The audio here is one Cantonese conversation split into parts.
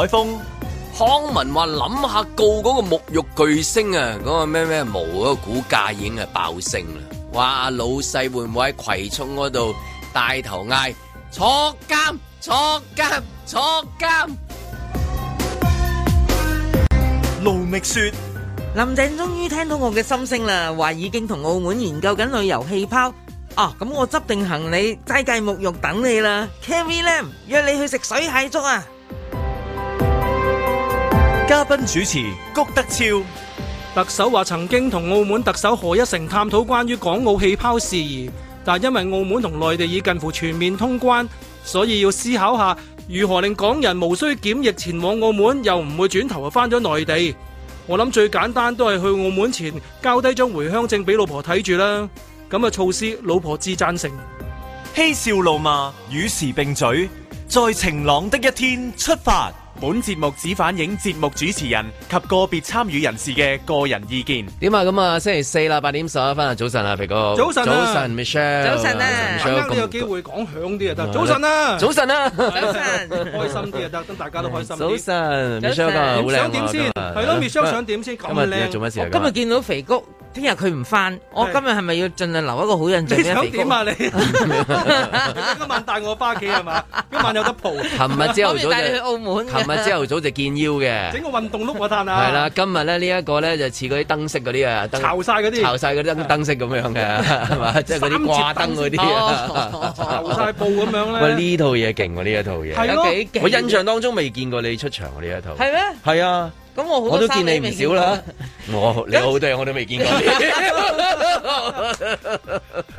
海峰，康文話諗下告嗰個沐浴巨星啊，嗰個咩咩毛嗰個股價已經係爆升啦！哇，老細會唔會喺葵涌嗰度帶頭嗌坐監、坐監、坐監？盧覓雪，林鄭終於聽到我嘅心聲啦，話已經同澳門研究緊旅遊氣泡。哦，咁我執定行李齋戒沐浴等你啦，Carrie Lam 約你去食水蟹粥啊！嘉賓主持谷德昭，特首話曾經同澳門特首何一成探討關於港澳氣泡事宜，但因為澳門同內地已近乎全面通關，所以要思考下如何令港人無需檢疫前往澳門，又唔會轉頭翻咗內地。我諗最簡單都係去澳門前交低張回鄉證俾老婆睇住啦。咁嘅措施，老婆至讚成。嬉笑怒罵與時並舉，在晴朗的一天出發。本節目只反映節目主持人及個別參與人士嘅個人意見。點啊？咁啊，星期四啦，八點十一分啊，早晨啊，肥哥。早晨，早晨，Michelle。早晨啊，啱啱都有機會講響啲啊，得。早晨啊，早晨啊，早晨，開心啲啊，得，等大家都開心。早晨，Michelle，好靚啊，今日。想點先？係咯，Michelle，想點先？咁靚。今日做乜事？今日見到肥谷。聽日佢唔翻，我今日係咪要盡量留一個好印象？你想點啊你？今晚帶我返屋企係嘛？今晚有得蒲。琴日朝頭早就，琴日朝頭早就見腰嘅。整個運動碌嗰攤啦，係啦，今日咧呢一個咧就似嗰啲燈飾嗰啲啊，巢曬嗰啲，巢曬嗰燈燈飾咁樣嘅，係嘛？即係嗰啲掛燈嗰啲啊，巢布咁樣咧。喂，呢套嘢勁喎，呢一套嘢。係咯，我印象當中未見過你出場喎，呢一套。係咩？係啊。咁我我都見你唔少啦，我你好多嘢我都未見過你。嗯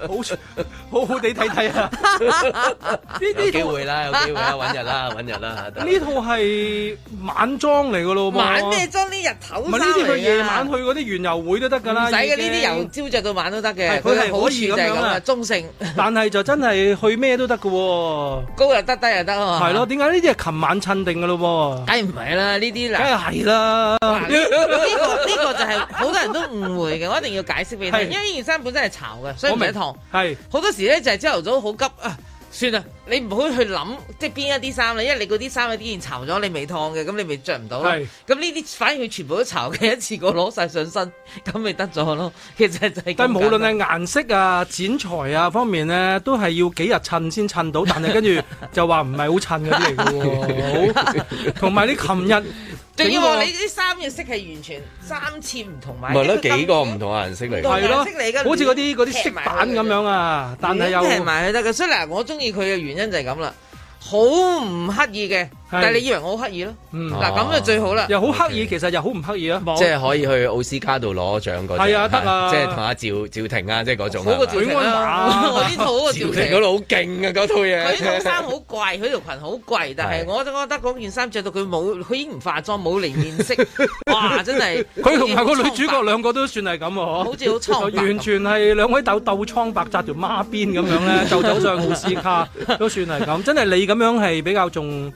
好，好好好地睇睇啊 都！呢啲有機會啦，有機會啦，揾日啦，揾日啦。呢套係晚裝嚟噶咯，這這些晚咩裝呢日頭？唔係呢啲去夜晚去嗰啲圓遊會都得噶啦，唔使嘅呢啲由朝着到晚都得嘅。佢係可以咁樣，樣中性。但係就真係去咩都得噶喎，高又得，低又得。係咯？點解呢啲係琴晚襯定噶咯？梗唔係啦，呢啲梗係係啦。呢、這個呢、這個就係好多人都誤會嘅，我一定要解釋俾你聽。是因為件衫本身係潮嘅，所以唔使燙。係好多時咧就係朝頭早好急啊！算啦。你唔好去諗即係邊一啲衫啦，因為你嗰啲衫依然巢咗，你未燙嘅，咁你咪着唔到咯。咁呢啲反而佢全部都巢嘅，一次過攞晒上身，咁咪得咗咯。其實就係，但係無論係顏色啊、剪裁啊方面咧，都係要幾日襯先襯到，但係跟住就話唔係好襯嗰啲嚟㗎。同埋 你琴日，仲要你啲衫嘅色係完全三次唔同埋，唔係咯幾個唔同嘅顏色嚟，好似嗰啲嗰啲色板咁樣啊。但係又唔係得嘅，所以我中意佢嘅原因。就係咁啦，好唔刻意嘅。但係你以為我好刻意咯？嗱，咁就最好啦。又好刻意，其實又好唔刻意囉。即係可以去奧斯卡度攞獎嗰啲。係啊，得喇。即係同阿趙趙婷啊，即係嗰種。我個嘴威唔我啲套啊趙婷嗰度好勁啊嗰套嘢。佢呢套衫好貴，佢條裙好貴，但係我都覺得嗰件衫著到佢冇，佢已經唔化妝冇嚟面色。哇！真係佢同埋個女主角兩個都算係咁嗬。好似好蒼。完全係兩位鬥鬥蒼白，扎條孖辮咁樣咧，鬥到上奧斯卡都算係咁。真係你咁樣係比較仲。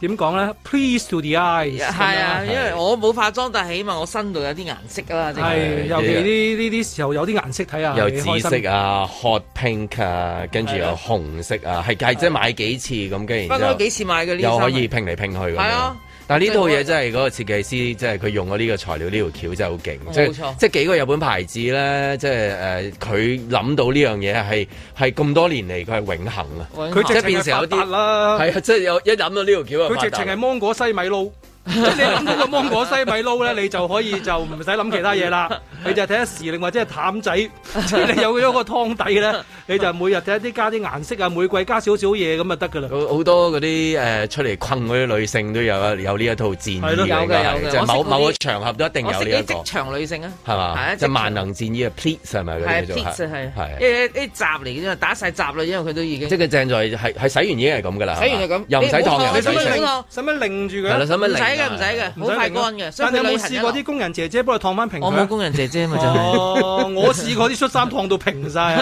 點講咧？Please to the eyes，係啊，因為我冇化妝，但係起碼我身度有啲顏色噶啦。尤其呢呢啲時候有啲顏色睇下，有紫色啊，hot pink 啊，跟住有紅色啊，係係，即係買幾次咁，跟住分開幾次買嘅呢？又可以拼嚟拼去。但係呢套嘢真係嗰個設計師，即係佢用咗呢個材料，呢條橋真係好勁，即係冇錯，即係幾個日本牌子咧，即係誒佢諗到呢樣嘢係係咁多年嚟佢係永恆。啊，佢恆即係變成有啲，啊，即係有一諗到呢條橋，佢直情係芒果西米露。即係你諗到個芒果西米撈咧，你就可以就唔使諗其他嘢啦。你就睇下時令或者係淡仔，即係你有咗個湯底咧，你就每日睇一啲加啲顏色啊，玫瑰加少少嘢咁就得噶啦。好，好多嗰啲誒出嚟困嗰啲女性都有有呢一套戰衣嚟噶，就某某個場合都一定有呢一個。職場女性啊，係嘛？即萬能戰衣啊，Please 係咪咁樣做啊？係，啲啲集嚟嘅啫，打晒集啦，因為佢都已經即係佢正在係係洗完已經係咁噶啦，洗完係咁，又唔使燙嘅。使咩擰？使咩擰住佢？係啦，使咩擰？唔使嘅，唔使嘅，好快乾嘅。但你有冇試過啲工人姐姐幫你燙翻平？我冇工人姐姐啊嘛就。哦，我試過啲恤衫燙到平晒，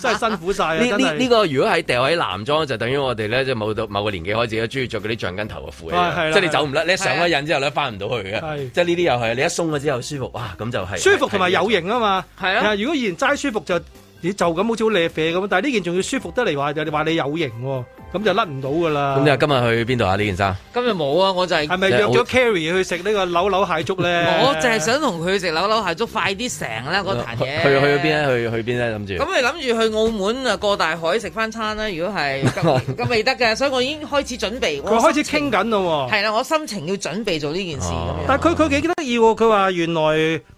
真係辛苦晒。呢呢 這的、這個如果係掉喺男裝，就等於我哋咧，即係某到某個年紀開始咧，中意着嗰啲橡筋頭嘅褲。即係你走唔甩，啦你一上咗癮之後咧，翻唔到去嘅。即係呢啲又係，你一鬆咗之後舒服，哇，咁就係、是。舒服同埋有型啊嘛。係啊。如果以前齋舒服就，你就咁好似好瀨啡咁，但係呢件仲要舒服得嚟話，就話你有型。咁就甩唔到噶啦！咁你話今日去邊度啊？呢件衫？今日冇啊！我就係係咪約咗 Carrie 去食呢個扭扭蟹粥咧？ 我就係想同佢食扭扭蟹粥，快啲成啦嗰壇嘢。去去咗邊咧？去去邊咧？諗住。咁你諗住去澳門啊？過大海食翻餐啦！如果係咁咁未得嘅，以 所以我已經開始準備。佢開始傾緊咯。係啦，我心情要準備做呢件事。啊、但佢佢幾得意喎？佢話原來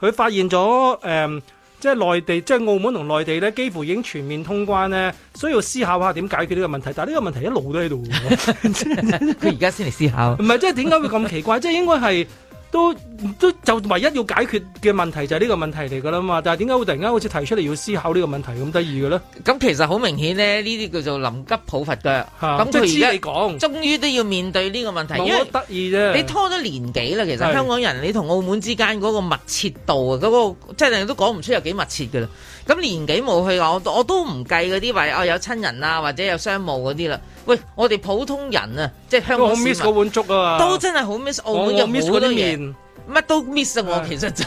佢發現咗誒。嗯即係內地，即係澳門同內地咧，幾乎已經全面通關咧，需要思考下點解決呢個問題。但係呢個問題一路都喺度，佢而家先嚟思考。唔係，即係點解會咁奇怪？ 即係應該係。都都就唯一要解決嘅問題就係呢個問題嚟㗎啦嘛，但係點解會突然間好似提出嚟要思考呢個問題咁得意嘅咧？咁其實好明顯咧，呢啲叫做臨急抱佛腳。咁佢而家終於都要面對呢個問題。冇乜得意啫。你拖咗年幾啦？其實香港人你同澳門之間嗰個密切度啊，嗰個即係都講唔出有幾密切㗎啦。咁年紀冇去，我都不那些我都唔計嗰啲，話有親人呀，或者有商務嗰啲啦。喂，我哋普通人啊，即係香港市民啊，都真係好 miss，澳門，我 miss 嘅好多嘢。乜都 miss 我其實就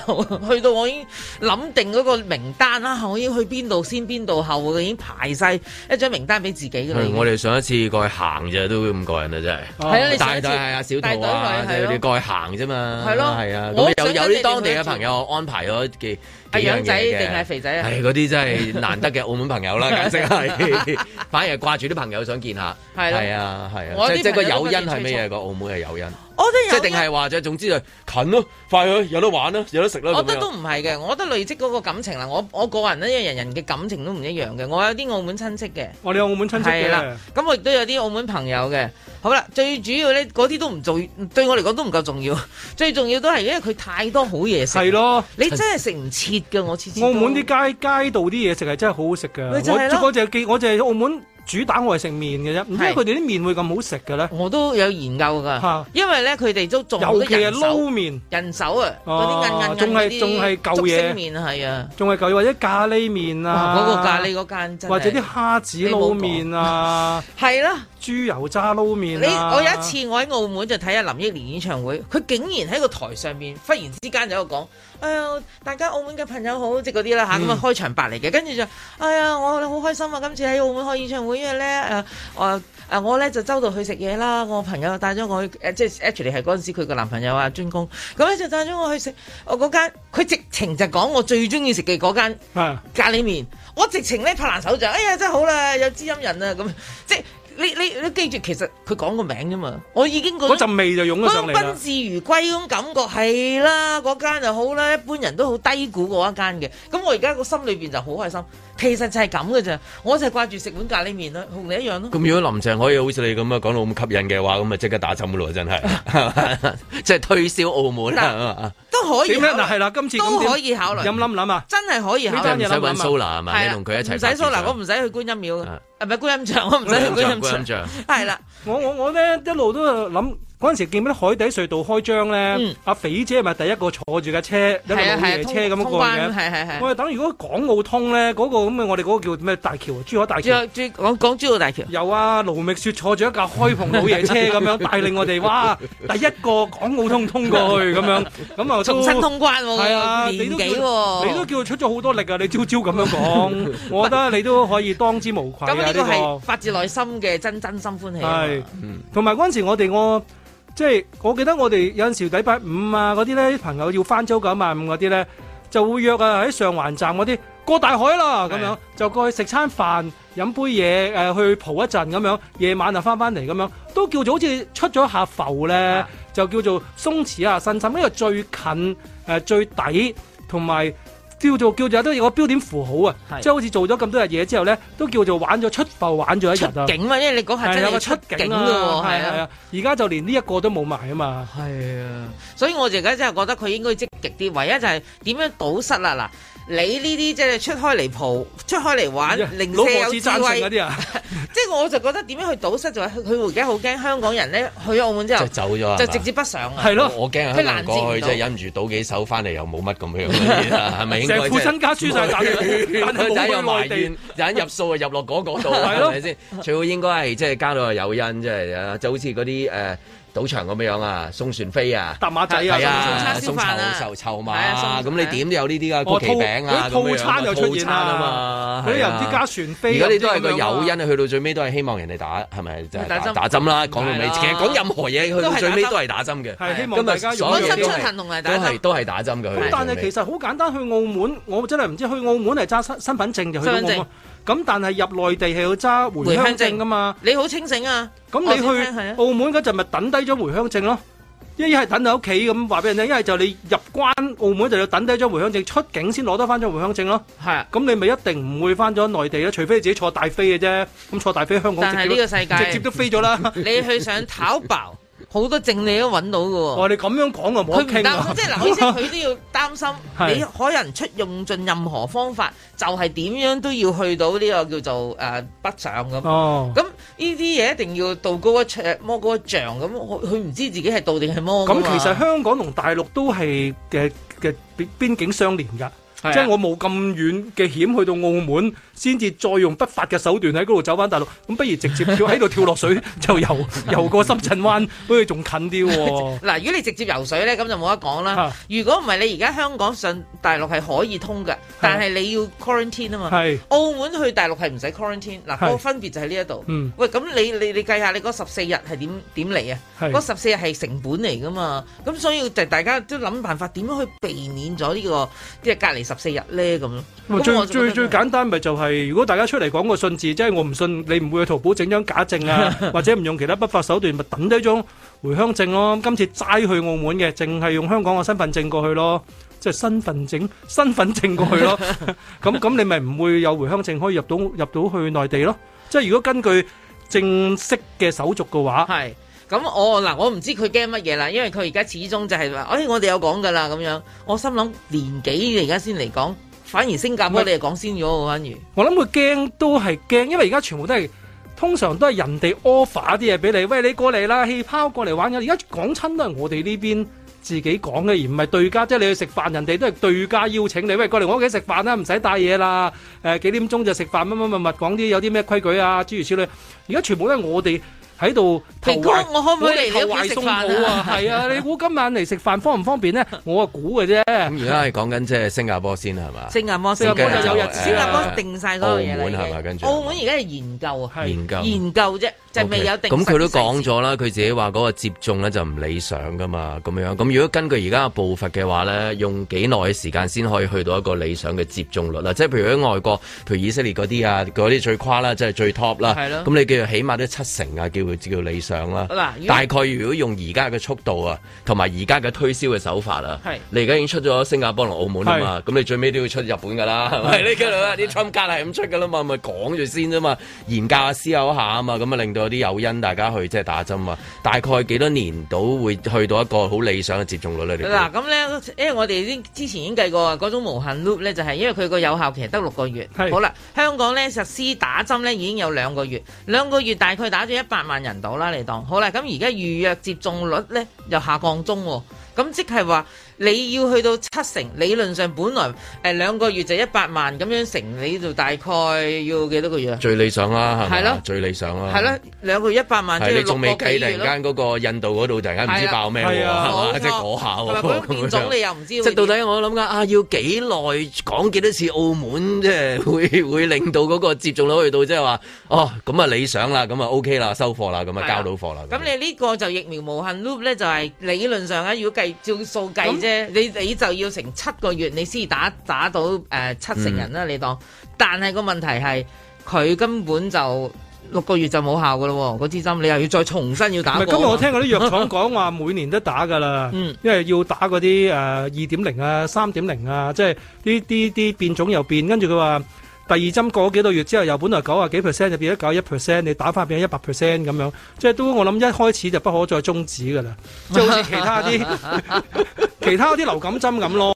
去到我已經諗定嗰個名單啦，我已經去邊度先邊度後，已經排晒一張名單俾自己嘅。我哋上一次過去行咋，都咁過癮啊，真係。係啊，你帶隊。係啊，小杜啊，即係你過去行啫嘛。係咯，係啊，我有啲當地嘅朋友安排咗嘅。阿養仔定係肥仔？係嗰啲真係難得嘅澳門朋友啦，簡直係。反而係掛住啲朋友想見下。係啦。係啊，係啊。即即個誘因係咩嘢？個澳門係誘因。即係定係話就總之就近咯，快去有得玩啦，有得食啦咁樣。我覺得都唔係嘅，我覺得累積嗰個感情啦，我我個人咧，因為人人嘅感情都唔一樣嘅。我有啲澳門親戚嘅，我哋有澳門親戚嘅。係啦，咁我亦都有啲澳門朋友嘅。好啦，最主要咧，嗰啲都唔做，對我嚟講都唔夠重要。最重要都係因為佢太多好嘢食。係咯的，你真係食唔切噶，我次次。澳門啲街街道啲嘢食係真係好好食噶，我我就記，我就係澳門。主打我係食麵嘅啫，點解佢哋啲麵會咁好食嘅咧？我都有研究噶，因為咧佢哋都做尤其係撈麵人手，人手啊，嗰啲仲係仲係舊嘢，麵係啊，仲係舊嘢，或者咖喱麵啊，嗰、啊嗰個咖喱嗰間或者啲蝦子撈麵啊，係啦，豬油渣撈麵、啊。 啊、你我有一次我喺澳門就睇下林憶蓮演唱會，佢竟然喺個台上面忽然之間就有個講。哎呀，大家澳門嘅朋友好，即嗰啲啦吓，咁啊開場白嚟嘅，嗯、跟住就，哎呀，我好開心啊！今次喺澳門開演唱會因為咧，呢、啊啊，我呢我咧就周到去食嘢啦，我朋友帶咗我去，即係 actually 係嗰陣時佢個男朋友啊專工，咁咧、啊、就帶咗我去食，我嗰間佢直情就講我最中意食嘅嗰間咖喱麵。是的 我直情咧拍爛手掌，哎呀真係好啦，有知音人啊咁，即你你你記住，其實佢講個名啫嘛，我已經嗰陣味就湧咗上嚟，賓至如歸嗰種感覺係啦，嗰間又好啦，一般人都好低估嗰一間嘅。咁我而家個心裏邊就好開心。其實就係咁嘅咋，我就係掛住食碗咖喱麵咯，同你一樣咯。咁如果林鄭可以好似你咁樣講到咁吸引嘅話，咁啊即刻打針噶咯，真係，即係推銷澳門啊，都可以。係啦，今次都可以考慮。咁諗唔諗啊？真係可以考慮。唔使搵蘇娜係嘛？你同佢一齊。唔使蘇娜，我唔使去觀音廟。係咪觀音像？我唔使去觀音像。係啦，我我我咧一路都係諗。嗰陣時見嗰海底隧道開張咧，阿肥姐咪第一個坐住架車，一個老爺車咁樣過嘅。我哋等如果港澳通咧，嗰咁嘅我哋嗰個叫咩大橋啊？珠海大橋。即係即係講港珠澳大橋。有啊，盧覓雪坐住一架開篷老爺車咁樣帶領我哋，哇！第一個港澳通通過去咁樣，咁啊重新通關，係啊，你都叫你都叫佢出咗好多力啊！你朝朝咁樣講，我覺得你都可以當之無愧。咁啊，呢個係發自內心嘅真真心歡喜。係，同埋陣時我哋我。即係我記得我哋有陣時禮拜五啊，嗰啲咧朋友要返朝九晚五嗰啲咧，就會約啊喺上環站嗰啲過大海啦咁的樣，就過去食餐飯飲杯嘢、呃、去蒲一陣咁樣，夜晚就翻翻嚟咁樣，都叫做好似出咗下浮咧，的就叫做鬆弛啊身心，因為最近、呃、最底，同埋。叫做叫做都有個標點符號啊，係即係好似做咗咁多日嘢之後咧，都叫做玩咗出埠玩咗一日啊。出，出境嘛、啊，因為你講下真係出境啊，係啊，而家就連呢一個都冇埋啊嘛，係啊，所以我而家真係覺得佢應該積極啲，唯一就係點樣堵塞啦、啊、嗱。你呢啲即係出開嚟蒲，出開嚟玩，零舍有智慧， 即係我就覺得點樣去賭失就係佢而家好驚香港人咧去澳門之後，就走咗，就直接不上。係咯的，我驚去難過去，即係忍唔住賭幾手，翻嚟又冇乜咁樣，係咪應該？成身家輸曬打完，個仔又埋怨，人入數又入落嗰個度，係咪先？最好應該係即係加到有因，即係啊，就好似嗰啲誒。呃賭場咁嘅樣啊，送船飛啊，搭馬仔啊，送籌碼啊，咁你點都有呢啲啊，曲奇餅啊，套餐又出現啊嘛。佢又唔知加船飛。如果你都係個誘因，去到最尾都係希望人哋打，係咪？真打針啦，講到尾，其實講任何嘢去到最尾都係打針嘅，係希望大家所有嘅都係都係打針嘅。咁但係其實好簡單，去澳門，我真係唔知去澳門係揸身身份證嘅去澳門。咁但係入內地係要揸回鄉證噶嘛？你好清醒啊！咁你去澳門嗰陣咪等低咗回鄉證咯，一係等喺屋企咁話俾人聽，一係就你入關澳門就要等低咗回鄉證，出境先攞得翻張回鄉證咯。係啊，咁你咪一定唔會翻咗內地咯，除非你自己坐大飛嘅啫。咁坐大飛香港呢個世界，直接都飛咗啦。你去上淘寶。好多正你都揾到㗎喎，你咁樣講啊，佢唔擔心，即係嗱，好似佢都要擔心，你可能出用盡任何方法，就係點樣都要去到呢個叫做誒北上咁。哦，咁呢啲嘢一定要道高一尺，魔高一丈咁。佢唔知自己係道定係魔。咁其實香港同大陸都係嘅嘅邊邊境相連㗎，即係我冇咁遠嘅險去到澳門。先至再用不法嘅手段喺嗰度走翻大陸，咁不如直接跳喺度跳落水就游遊 過深圳灣不如仲近啲喎、哦。嗱， 如果你直接游水咧，咁就冇得講啦。啊、如果唔係，你而家香港上大陸係可以通嘅，但係你要 quarantine 啊嘛。啊是澳門去大陸係唔使 quarantine、啊。嗱、那，個分別就喺呢一度。嗯、喂，咁你你你計下你嗰十四日係點點嚟啊？係是。嗰十四日係成本嚟噶嘛？咁所以就大家都諗辦法點樣去避免咗、這個就是、呢個即係隔離十四日咧咁咯。最最簡單咪就係、是。係如果大家出嚟講個信字，即係我唔信你唔會去淘寶整張假證啊，或者唔用其他不法手段，咪抌低張回鄉證咯。今次齋去澳門嘅，淨係用香港嘅身份證過去咯，即係身份證身份證過去咯。咁咁你咪唔會有回鄉證可以入到入到去內地咯。即係如果根據正式嘅手續嘅話，係咁我嗱我唔知佢驚乜嘢啦，因為佢而家始終就係話，哎我哋有講噶啦咁樣，我心諗年紀而家先嚟講。反而新加坡你係講先咗喎，不反而我諗會驚都係驚，因為而家全部都係通常都係人哋 offer 啲嘢俾你，喂你過嚟啦，氣泡過嚟玩嘅。而家講親都係我哋呢邊自己講嘅，而唔係對家，即係你去食飯，人哋都係對家邀請你，喂，過嚟我屋企食飯啦，唔使帶嘢啦，誒、呃、幾點鐘就食飯，乜乜乜乜講啲有啲咩規矩啊，諸如此類。而家全部都係我哋。喺度，投我可唔可以嚟你屋企食飯啊？係啊，你估今晚嚟食飯方唔方便呢？我啊估嘅啫。咁而家係講緊即係新加坡先係嘛？新加坡，新加坡就新加坡定晒所有嘢啦。澳門係咪跟住？澳門而家係研究，是研究，研究啫，就未有定。咁佢都講咗啦，佢、嗯、自己話嗰個接種咧就唔理想噶嘛。咁樣咁如果根據而家嘅步伐嘅話咧，用幾耐嘅時間先可以去到一個理想嘅接種率嗱？即係譬如喺外國，譬如以色列嗰啲啊，嗰啲最誇啦，即係最 top 啦的。咁你叫起碼都七成啊，叫。會至到理想啦。嗱，大概如果用而家嘅速度啊，同埋而家嘅推銷嘅手法啊，係是你而家已經出咗新加坡同澳門啊嘛，咁是你最尾都要出日本噶啦，係咪咧？啲專家係咁出噶啦嘛，咪講住先啫嘛，研究下思考下啊嘛，咁啊令到有啲誘因大家去即係打針啊。大概幾多年到會去到一個好理想嘅接種率咧？嗱，咁咧，因為我哋啲之前已經計過嗰種無限 loop 咧，就係因為佢個有效期得六個月。的好啦，香港咧實施打針咧已經有兩個月，兩個月大概打咗一百萬。人到啦，你當好啦，咁而家預約接種率呢，又下降中喎，咁即係話。你要去到七成，理論上本來誒兩個月就一百萬咁樣乘，你就大概要幾多個月啊？最理想啦，係咪？係咯，最理想啦。係啦，兩個月一百萬，即係你仲未計，突然間嗰個印度嗰度突然間唔知爆咩喎，即係嗰下喎。嗰個變種你又唔知。即到底我諗緊啊，要幾耐講幾多次澳門，即係會會令到嗰個接種率去到即係話哦咁啊理想啦，咁啊 OK 啦，收貨啦，咁啊交到貨啦。咁你呢個就疫苗無限 loop 咧，就係理論上咧，如果計照數計你你就要成七個月你才，你先打打到誒、呃、七成人啦，嗯、你當。但係個問題係，佢根本就六個月就冇效㗎咯，嗰支針你又要再重新要打過。唔係，今日我聽嗰啲藥廠講話，每年都打㗎啦。嗯，因為要打嗰啲誒二點零啊、三點零啊，即係呢啲啲變種又變，跟住佢話。第二針過咗幾多月之後，由本來九啊幾 percent 就變咗九一 percent，你打翻變咗一百 percent 咁樣，即係都我諗一開始就不可再終止噶啦，即係好似其他啲 其他啲流感針咁咯，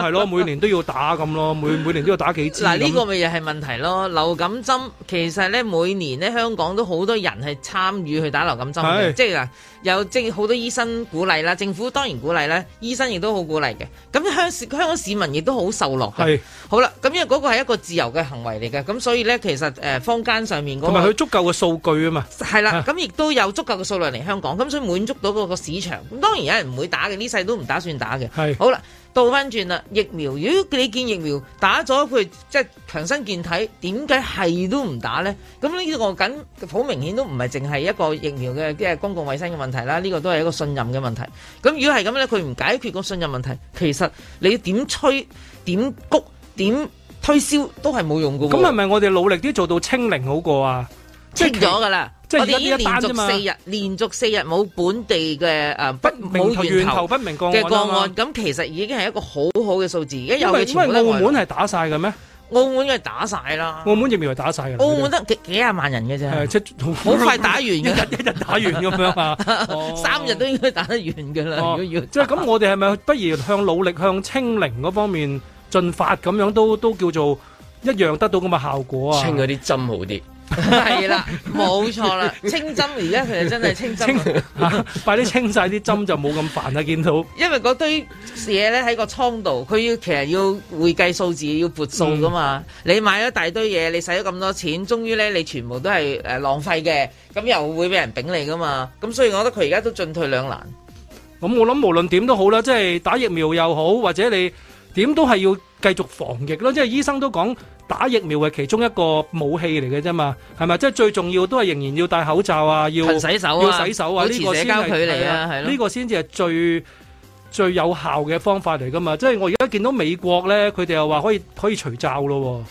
係咯， 每年都要打咁咯，每每年都要打幾次。嗱呢個咪又係問題咯，流感針其實咧每年咧香港都好多人係參與去打流感針的即係嗱。有好多醫生鼓勵啦，政府當然鼓勵啦，醫生亦都好鼓勵嘅。咁香港市民亦都是好受落嘅。係，好啦，咁因為嗰個係一個自由嘅行為嚟嘅，咁所以呢，其實誒坊間上面嗰同埋佢足夠嘅數據啊嘛。係啦，咁亦都有足夠嘅數，的、啊、數量嚟香港，咁所以滿足到嗰個市場。咁當然有人唔會打嘅，呢世都唔打算打嘅。係是，好啦。倒翻轉啦，疫苗，如果你見疫苗打咗佢，即係強身健體，點解係都唔打咧？咁呢個梗好明顯都唔係淨係一個疫苗嘅，即係公共衛生嘅問題啦。呢個都係一個信任嘅問題。咁如果係咁咧，佢唔解決個信任問題，其實你點吹點谷點推銷都係冇用噶。咁係咪我哋努力啲做到清零好過啊？清咗噶啦。即係已經連續四日，連續四日冇本地嘅誒不冇源頭不明個案，咁其實已經係一個好好嘅數字嘅。因為因為澳門係打曬嘅咩？澳門梗係打曬啦。澳門疫苗打曬嘅。澳門得幾幾廿萬人嘅啫。係，好快打完嘅，一日打完咁樣啊！三日都應該打得完嘅啦。如果要即係咁，我哋係咪不如向努力向清零嗰方面進發？咁樣都都叫做一樣得到咁嘅效果啊！清啲針好啲。係啦，冇錯啦，清針而家其實真係清針，快啲清晒啲針就冇咁煩啦，見到。因為嗰堆嘢咧喺個倉度，佢要其實要會計數字，要撥數噶嘛你。你買咗大堆嘢，你使咗咁多錢，終於咧你全部都係誒浪費嘅，咁又會俾人炳你噶嘛。咁所以我覺得佢而家都進退兩難。咁我諗無論點都好啦，即係打疫苗又好，或者你。點都係要繼續防疫咯，即係醫生都講打疫苗係其中一個武器嚟嘅啫嘛，係咪？即係最重要都係仍然要戴口罩啊，要勤洗手啊，要洗手啊，要洗手啊。呢個先係呢個先至係最的最有效嘅方法嚟噶嘛。即係我而家見到美國咧，佢哋又話可以可以除罩咯，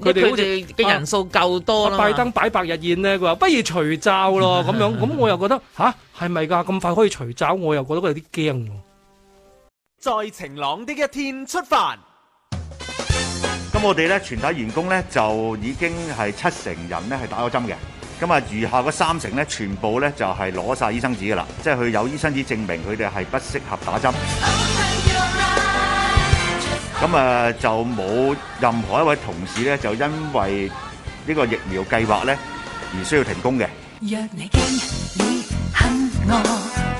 佢哋好似嘅人數夠多，拜登擺百日宴咧，佢話不如除罩咯，咁樣咁我又覺得吓係咪噶咁快可以除罩？我又覺得佢有啲驚。在晴朗的一天出發，咁我哋咧全體員工咧就已經係七成人咧係打咗針嘅。咁啊，餘下嗰三成咧全部咧就係攞晒醫生紙噶啦，即係佢有醫生紙證明佢哋係不適合打針。咁啊，就冇任何一位同事咧就因為呢個疫苗計劃咧而需要停工嘅。若你，你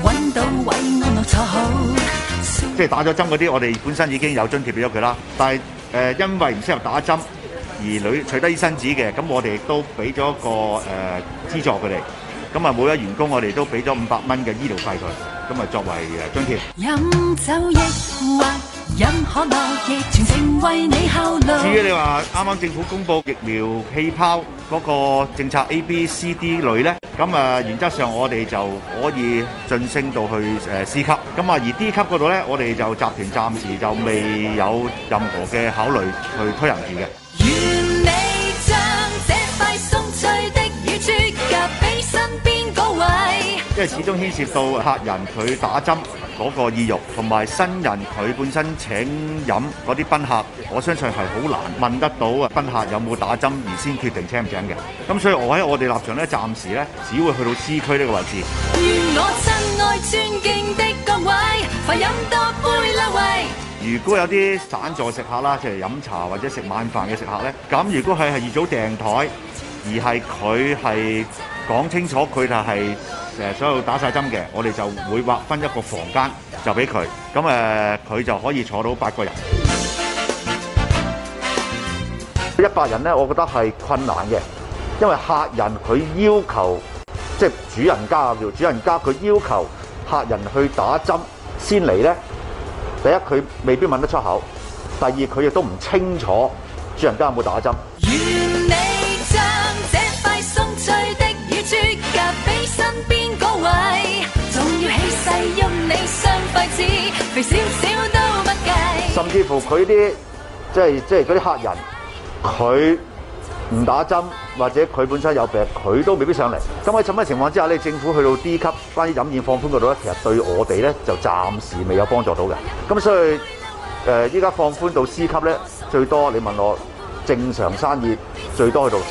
我到位。即係打咗針嗰啲，我哋本身已經有津貼俾咗佢啦。但係誒、呃，因為唔適合打針而女取得醫生紙嘅，咁我哋亦都俾咗一個誒、呃、資助佢哋。咁啊，每一個員工我哋都俾咗五百蚊嘅醫療費佢，咁啊作為誒津貼。至於你話啱啱政府公布疫苗氣泡嗰個政策 A B C D 類咧，咁啊原則上我哋就可以晉升到去 C 級，咁啊而 D 級嗰度咧，我哋就集團暫時就未有任何嘅考慮去推行住嘅。因為始終牽涉到客人佢打針嗰個意欲，同埋新人佢本身請飲嗰啲賓客，我相信係好難問得到啊賓客有冇打針而先決定請唔請嘅。咁所以，我喺我哋立場咧，暫時咧只會去到 C 區呢個位置。飲多杯如果有啲散座食客啦，即係飲茶或者食晚飯嘅食客咧，咁如果佢係預早訂台，而係佢係講清楚，佢就係。成日所有打晒針嘅，我哋就會劃分一個房間就俾佢。咁誒，佢就可以坐到八個人。一百人咧，我覺得係困難嘅，因為客人佢要求，即係主人家叫主人家佢要求客人去打針先嚟咧。第一，佢未必問得出口；第二，佢亦都唔清楚主人家有冇打針。身邊位仲要起勢你雙筷子。肥少少都唔計，甚至乎佢啲即係即係嗰啲客人，佢唔打針或者佢本身有病，佢都未必上嚟。咁喺咁嘅情況之下，你政府去到 D 級關於飲宴放寬嗰度咧，其實對我哋咧就暫時未有幫助到嘅。咁所以誒，依家放寬到 C 級咧，最多你問我正常生意最多去到成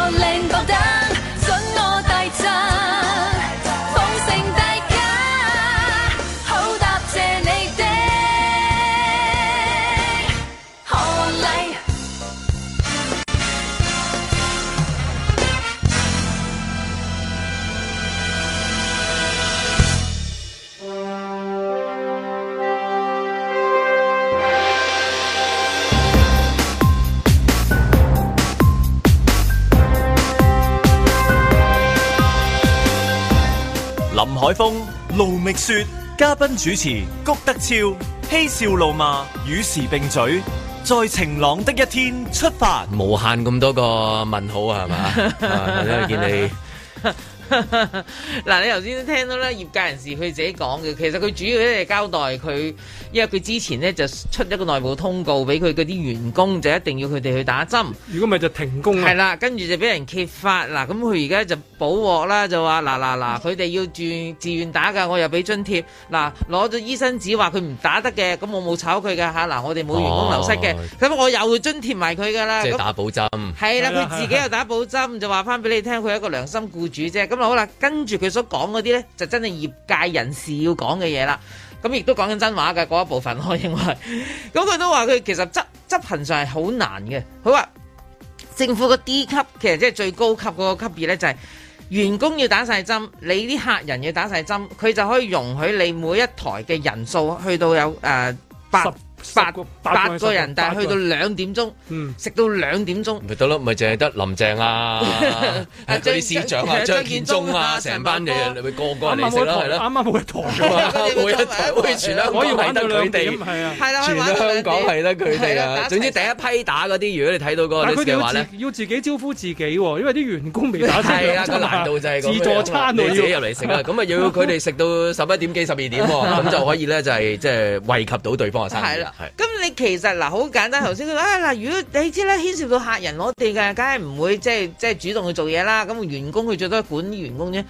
說嘉賓主持谷德昭，嬉笑怒罵與時並嘴，在晴朗的一天出發，無限咁多個問號啊，係嘛？大家會見你。嗱， 你頭先都聽到啦，業界人士佢自己講嘅，其實佢主要咧係交代佢，因為佢之前呢，就出一個內部通告俾佢嗰啲員工，就一定要佢哋去打針。如果唔係就停工。係啦，跟住就俾人揭發，嗱，咁佢而家就補鑊啦，就話嗱嗱嗱，佢哋要自願自願打噶，我又俾津貼。嗱，攞咗醫生紙話佢唔打得嘅，咁我冇炒佢噶吓，嗱、啊，我哋冇員工流失嘅，咁、啊、我又會津貼埋佢噶啦。即係打保針。係那啦，佢啦啦自己又打保針，就話翻俾你聽，佢係一個良心雇主啫。咁。好啦，跟住佢所講嗰啲呢，就真係業界人士要講嘅嘢啦。咁亦都講緊真話嘅嗰一部分，我、啊、認為。咁 佢都話佢其實執執行上係好難嘅。佢話政府個 D 級，其實即係最高級嗰個級別呢、就係，就係員工要打晒針，你啲客人要打晒針，佢就可以容許你每一台嘅人數去到有誒八，呃十八八個人，但係去到兩點鐘，食到兩點鐘，咪得咯，咪淨係得林鄭啊、張司長啊、張建宗啊，成班人，你咪個個嚟食咯，係咯，啱啱冇台㗎嘛，會會全啊，可以係得佢哋，係啊，全香港係得佢哋啊。總之第一批打嗰啲，如果你睇到嗰個嘅話咧，要自己招呼自己喎，因為啲員工未打。係啦，個難度就係自助餐自己入嚟食啊，咁啊要佢哋食到十一點幾十二點，咁就可以咧就係即係惠及到對方嘅生意。咁是你其實嗱，好簡單。頭先佢話啊嗱，如果你知咧，牽涉到客人，我哋嘅梗係唔會即係即係主動去做嘢啦。咁員工去最多管啲員工啫。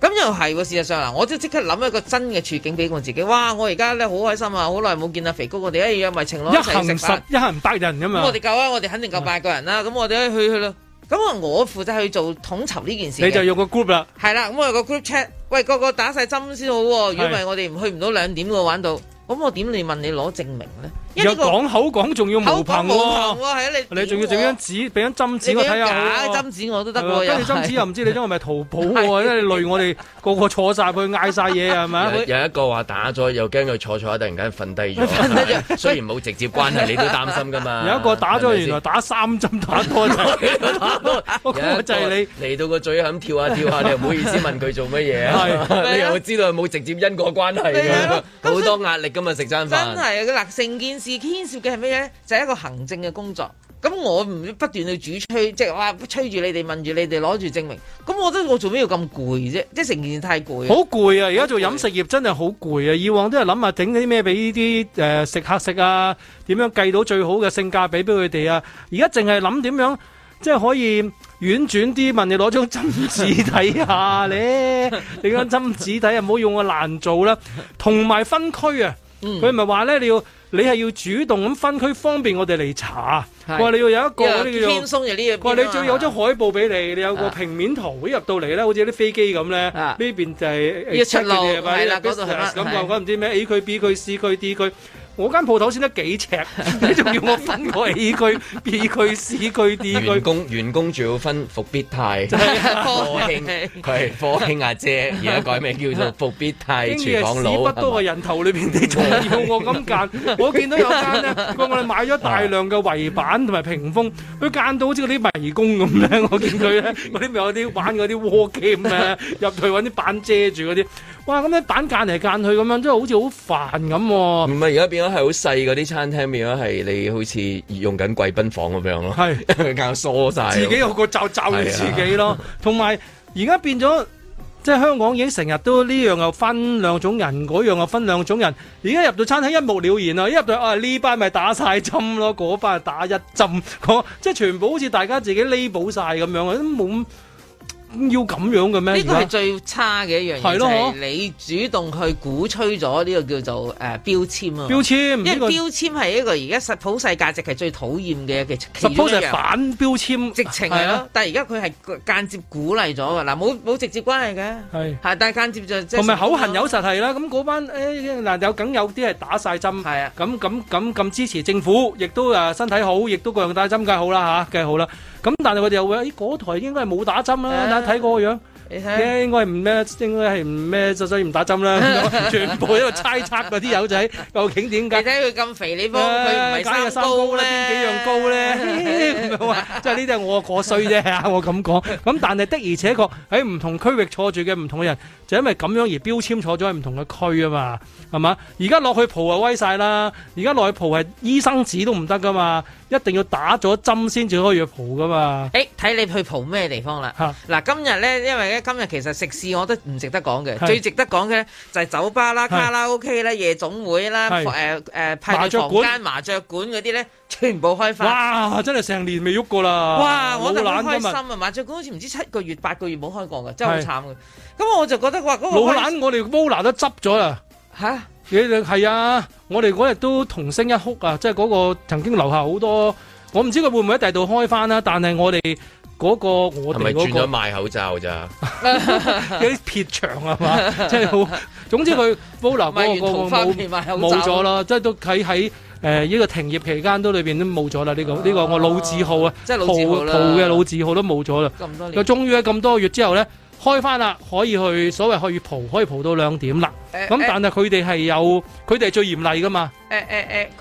咁又係喎，事實上嗱，我即即刻諗一個真嘅處境俾我自己。哇！我而家咧好開心啊，好耐冇見阿肥哥，我哋一約咪程囉一行十，一行八人咁啊。咁我哋夠啊，我哋肯定夠八個人啦。咁的我哋去去咯。咁我我負責去做統籌呢件事。你就要個 group 啦。係啦，咁我有個 group chat，喂，個個打晒針先好。如果唔係，我哋唔去唔到兩點嘅玩到。咁我點嚟問你攞證明咧？又講口講，仲要無憑喎！你仲要整張紙俾張針紙我睇下，打嘅針紙我都得過人。跟住針紙又唔知你張係咪淘寶嘅，因為累我哋個個坐晒去嗌晒嘢啊。係咪？有一個話打咗又驚佢坐坐下突然間瞓低咗，雖然冇直接關係，你都擔心噶嘛。有一個打咗，原來打三針打多劑，我真係你嚟到個嘴咁跳下跳下，你又唔好意思問佢做乜嘢，你又知道冇直接因果關係嘅，好多壓力噶嘛食餐飯。係牽的是牽涉嘅係咩咧？就係、是、一個行政嘅工作。咁我唔不斷去主催，即係話催住你哋，問住你哋，攞住證明。咁我覺得我，我做咩要咁攰啫？即係成件事太攰。好攰啊！而家做飲食業很、啊、真係好攰啊！以往都係諗下整啲咩俾呢啲誒食客食啊，點樣計到最好嘅性價比俾佢哋啊！而家淨係諗點樣，即、就、係、是、可以婉轉啲問你攞張針紙睇下咧。 你你張針紙睇下，唔好用我難做啦。同埋分區啊，佢唔係話咧你要。你係要主動咁分區，方便我哋嚟查。喂，你要有一個呢個，喂，你仲有張海報俾你，你有個平面圖，會入到嚟咧，好似啲飛機咁咧。呢邊就係一出路，係啦，咁講講唔知咩 A 區、B 區、C 區、D 區。我間鋪頭先得幾尺，你仲要我分個 A 區、B 區、C 區、D 區？員工員工仲要分復必泰，係科興，佢係科興阿姐，而家 改名叫做復必泰廚房佬。全部人頭裏邊你仲要我咁間。 我見到有間咧，佢話我哋買咗大量嘅圍板同埋屏風，佢間到好似嗰啲迷宮咁咧。我見佢咧，嗰啲咪有啲玩嗰啲 war game 啊，入去揾啲板遮住嗰啲。哇，咁啲板間嚟間去咁樣，真係好似好煩咁。唔係而家變咗。係好細嗰啲餐廳，變咗係你好似用緊貴賓房咁樣咯，係是 硬梳晒了，自己有個罩罩住自己咯。同埋而家變咗，即係香港已經成日都呢樣又分兩種人，嗰樣又分兩種人。而家入到餐廳一目了然啦，一入到啊，呢班咪打晒針咯，嗰班打一針，即係全部好似大家自己 label 晒咁樣啊，都冇。要咁樣嘅咩？呢個係最差嘅一樣嘢，係咯，你主動去鼓吹咗呢個叫做誒標籤啊，標籤，因為標籤係一個而家實普世價值係最討厭嘅嘅，實普就反標籤，直情係咯。但係而家佢係間接鼓勵咗嘅嗱，冇冇直接關係嘅，係係，但係間接就同埋口痕有實係啦。咁嗰班誒嗱有，梗有啲係打晒針，係啊，咁咁咁咁支持政府，亦都誒身體好，亦都各樣打針梗係好啦吓，梗係好啦。咁但係佢哋又會誒，嗰台應該係冇打針啦。睇過個樣你看應該係，應該係唔咩，應該係唔咩，所以唔打針啦！ 全部喺度猜測嗰啲友仔究竟點解？你睇佢咁肥，你方佢唔係三高咧，邊幾樣高咧？即係呢啲係我個衰啫，我咁講。咁但係的而且確喺唔同區域坐住嘅唔同嘅人，就因為咁樣而標籤坐咗喺唔同嘅區啊嘛，係嘛？而家落去蒲就威晒啦，而家落去蒲係醫生紙都唔得噶嘛。一定要打咗針先至可以去蒲噶嘛？誒，睇你去蒲咩地方啦。嗱，今日咧，因為咧，今日其實食肆我都唔值得講嘅，最值得講嘅咧就係酒吧啦、卡拉 OK 啦、夜總會啦、誒誒、派對房間、麻雀館嗰啲咧，全部開翻。哇！真係成年未喐過啦。哇！我就好開心啊！麻雀館好似唔知七個月、八個月冇開過嘅，真係好慘嘅。咁我就覺得話嗰個老我哋鋪嗱得執咗啦。嚇！你哋係啊！我哋嗰日都同聲一哭啊！即係嗰個曾經留下好多，我唔知佢會唔會喺第度開翻啦。但係我哋嗰、那個我哋嗰、那個係咪轉咗賣口罩咋？啲 撇場啊嘛！ 即係總之佢 f o l 過個冇冇咗啦！即係都喺喺誒呢個停業期間都裏邊都冇咗啦！呢、這個呢、這個我老字號啊，蒲即蒲嘅老字號都冇咗啦！咁多年，終於喺咁多月之後咧，開翻啦，可以去所謂可以蒲，可以蒲到兩點啦。咁但係佢哋係有，佢哋係最嚴厲噶嘛？誒誒誒，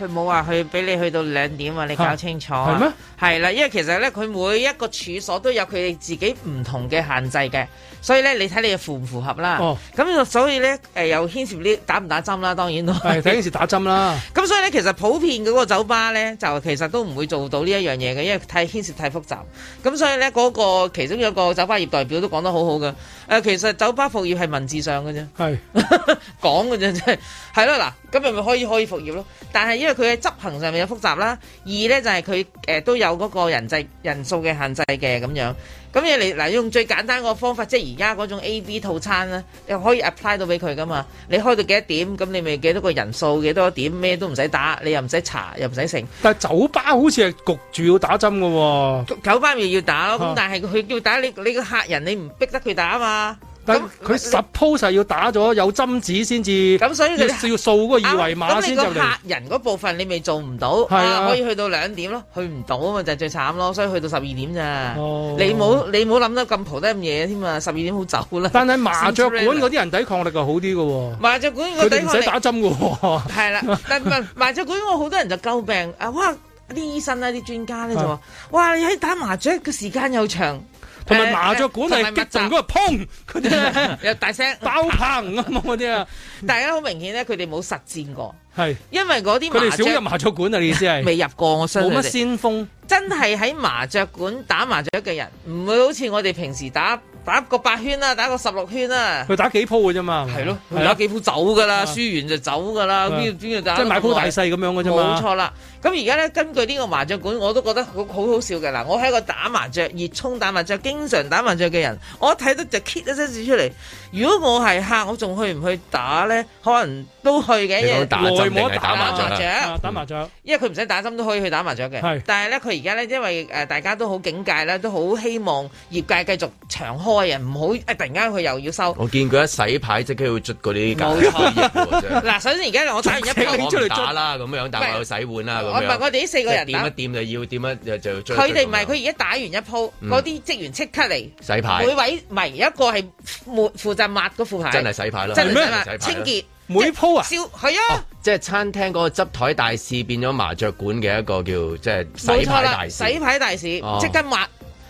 佢冇話去俾你去到兩點啊，你搞清楚係、啊、咩？係啦、啊，因為其實咧，佢每一個處所都有佢哋自己唔同嘅限制嘅，所以咧，你睇你符唔符合啦。哦，咁所以咧，誒、呃、又牽涉呢打唔打針啦？當然咯，係睇牽涉打針啦。咁、 嗯、所以咧，其實普遍嗰個酒吧咧，就其實都唔會做到呢一樣嘢嘅，因為太牽涉太複雜。咁所以咧，嗰、那個其中有個酒吧業代表都講得好好噶。誒、呃，其實酒吧服務業係文字上嘅啫。係是。 講嘅啫，係咯，嗱，咁又咪可以可以復業咯。但係因為佢喺執行上面有複雜啦，二咧就係佢誒都有嗰個人際人數嘅限制嘅咁樣。咁你嚟嗱，用最簡單個方法，即係而家嗰種 AB 套餐啦，又可以 apply 到俾佢噶嘛。你開到幾多點，咁你咪幾多個人數，幾多點咩都唔使打，你又唔使查，又唔使成。但係酒吧好似係焗住要打針嘅喎，酒吧咪要打咯。咁但係佢叫打你，你個客人你唔逼得佢打啊嘛。咁佢 suppose 係要打咗有針紙先至，咁所以你要掃個二維碼先，就你個客人嗰部分你未做唔到，係的、啊、可以去到兩點咯，去唔到啊嘛就最慘咯，所以去到十二點咋。哦，你冇你冇諗得咁蒲得咁夜添啊！十二點好走啦。但係麻雀館嗰啲人抵抗力就好啲嘅喎。麻雀館佢唔使打針嘅喎。係啦， 但係麻雀館我好多人就詬病啊！哇，啲醫生咧、啊、啲專家咧就話：的哇，你喺打麻雀嘅時間又長。同埋麻雀館係激震嗰個砰，嗰啲又大聲爆棚啊！咁嗰啲啊， 大家好明顯咧，佢哋冇實戰過，係是因為嗰啲佢哋少入麻雀館啊！你意思係未入過？我相信冇乜先鋒。真係喺麻雀館打麻雀嘅人，唔會好似我哋平時打。打個八圈啦、啊，打個十六圈啦、啊。佢打幾鋪嘅啫嘛。係咯的，是的打幾鋪走噶啦。輸、啊、完就走噶啦。邊邊度打，即係買鋪大細咁樣嘅啫嘛。冇錯啦。咁而家咧，根據呢個麻雀館，我都覺得好好好笑噶啦。嗱，我係一個打麻雀、熱衷打麻雀、經常打麻雀嘅人。我睇到就 kit 一字出嚟。如果我係客，我仲去唔去打咧？可能都去嘅。內摸打，打，打，打麻雀。打麻雀，因為佢唔使打針都可以去打麻雀嘅。係，但係咧，佢而家咧，因為誒大家都好警戒啦，都好希望業界繼續長開啊，唔好突然間佢又要收。我見佢一洗牌即刻會出嗰啲。嗱，首先而家我打完一個，拎出去打啦咁樣，但係要洗碗啦咁樣。我唔係我哋呢四個人。掂一掂就要掂一就佢哋唔係，佢而家打完一鋪，嗰啲職員即刻嚟洗牌。每位唔咪一個係負負責抹嗰副牌。真係洗牌啦！真咩？清潔。每鋪啊，燒啊，哦、即係餐廳嗰個執枱大使變咗麻雀館嘅一個叫即係洗牌大使，洗牌大使即、哦、刻抹。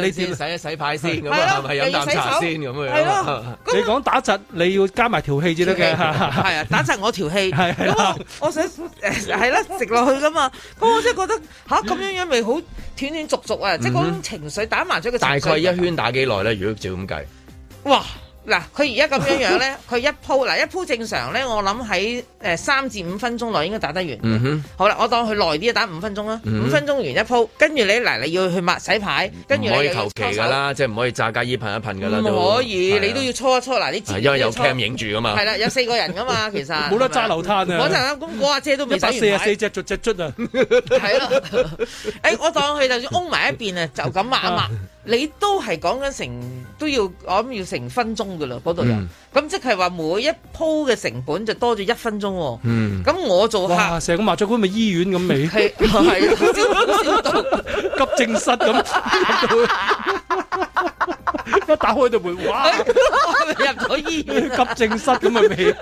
你先洗一洗牌先咁啊，係咪飲啖茶先咁嘅樣？你講打窒你要加埋條氣先得嘅，係啊，打窒我條氣，係啦，我想誒係啦，食落去㗎嘛。咁我真係覺得嚇咁樣樣咪好斷斷續續啊！即係嗰種情緒打麻雀嘅情緒。大概一圈打幾耐咧？如果照咁計，哇！嗱，佢而家咁樣樣咧，佢一鋪嗱一鋪正常咧，我諗喺誒三至五分鐘內應該打得完。嗯哼，好啦，我當佢耐啲，打五分鐘啦。五分鐘完一鋪，跟住你嚟你要去抹洗牌，跟住可以求其噶啦，即係唔可以詐假意噴一噴噶啦。唔可以，你都要搓一搓嗱啲字。因為有 cam 影住噶嘛。係啦，有四個人噶嘛，其實。冇得揸流攤啊！嗰陣咁，我阿姐都未打四啊四隻雀隻卒啊！係咯，誒，我當佢就算擁埋一邊啊，就咁抹一抹。你都係講緊成都要，我諗要成分鐘㗎啦，嗰度人咁即係話每一鋪嘅成本就多咗一分鐘，哦。嗯。咁我做客。哇！成個麻雀館咪醫院咁未？係，係。到 急症室咁。 一打開就話，入咗醫院急症室咁嘅味？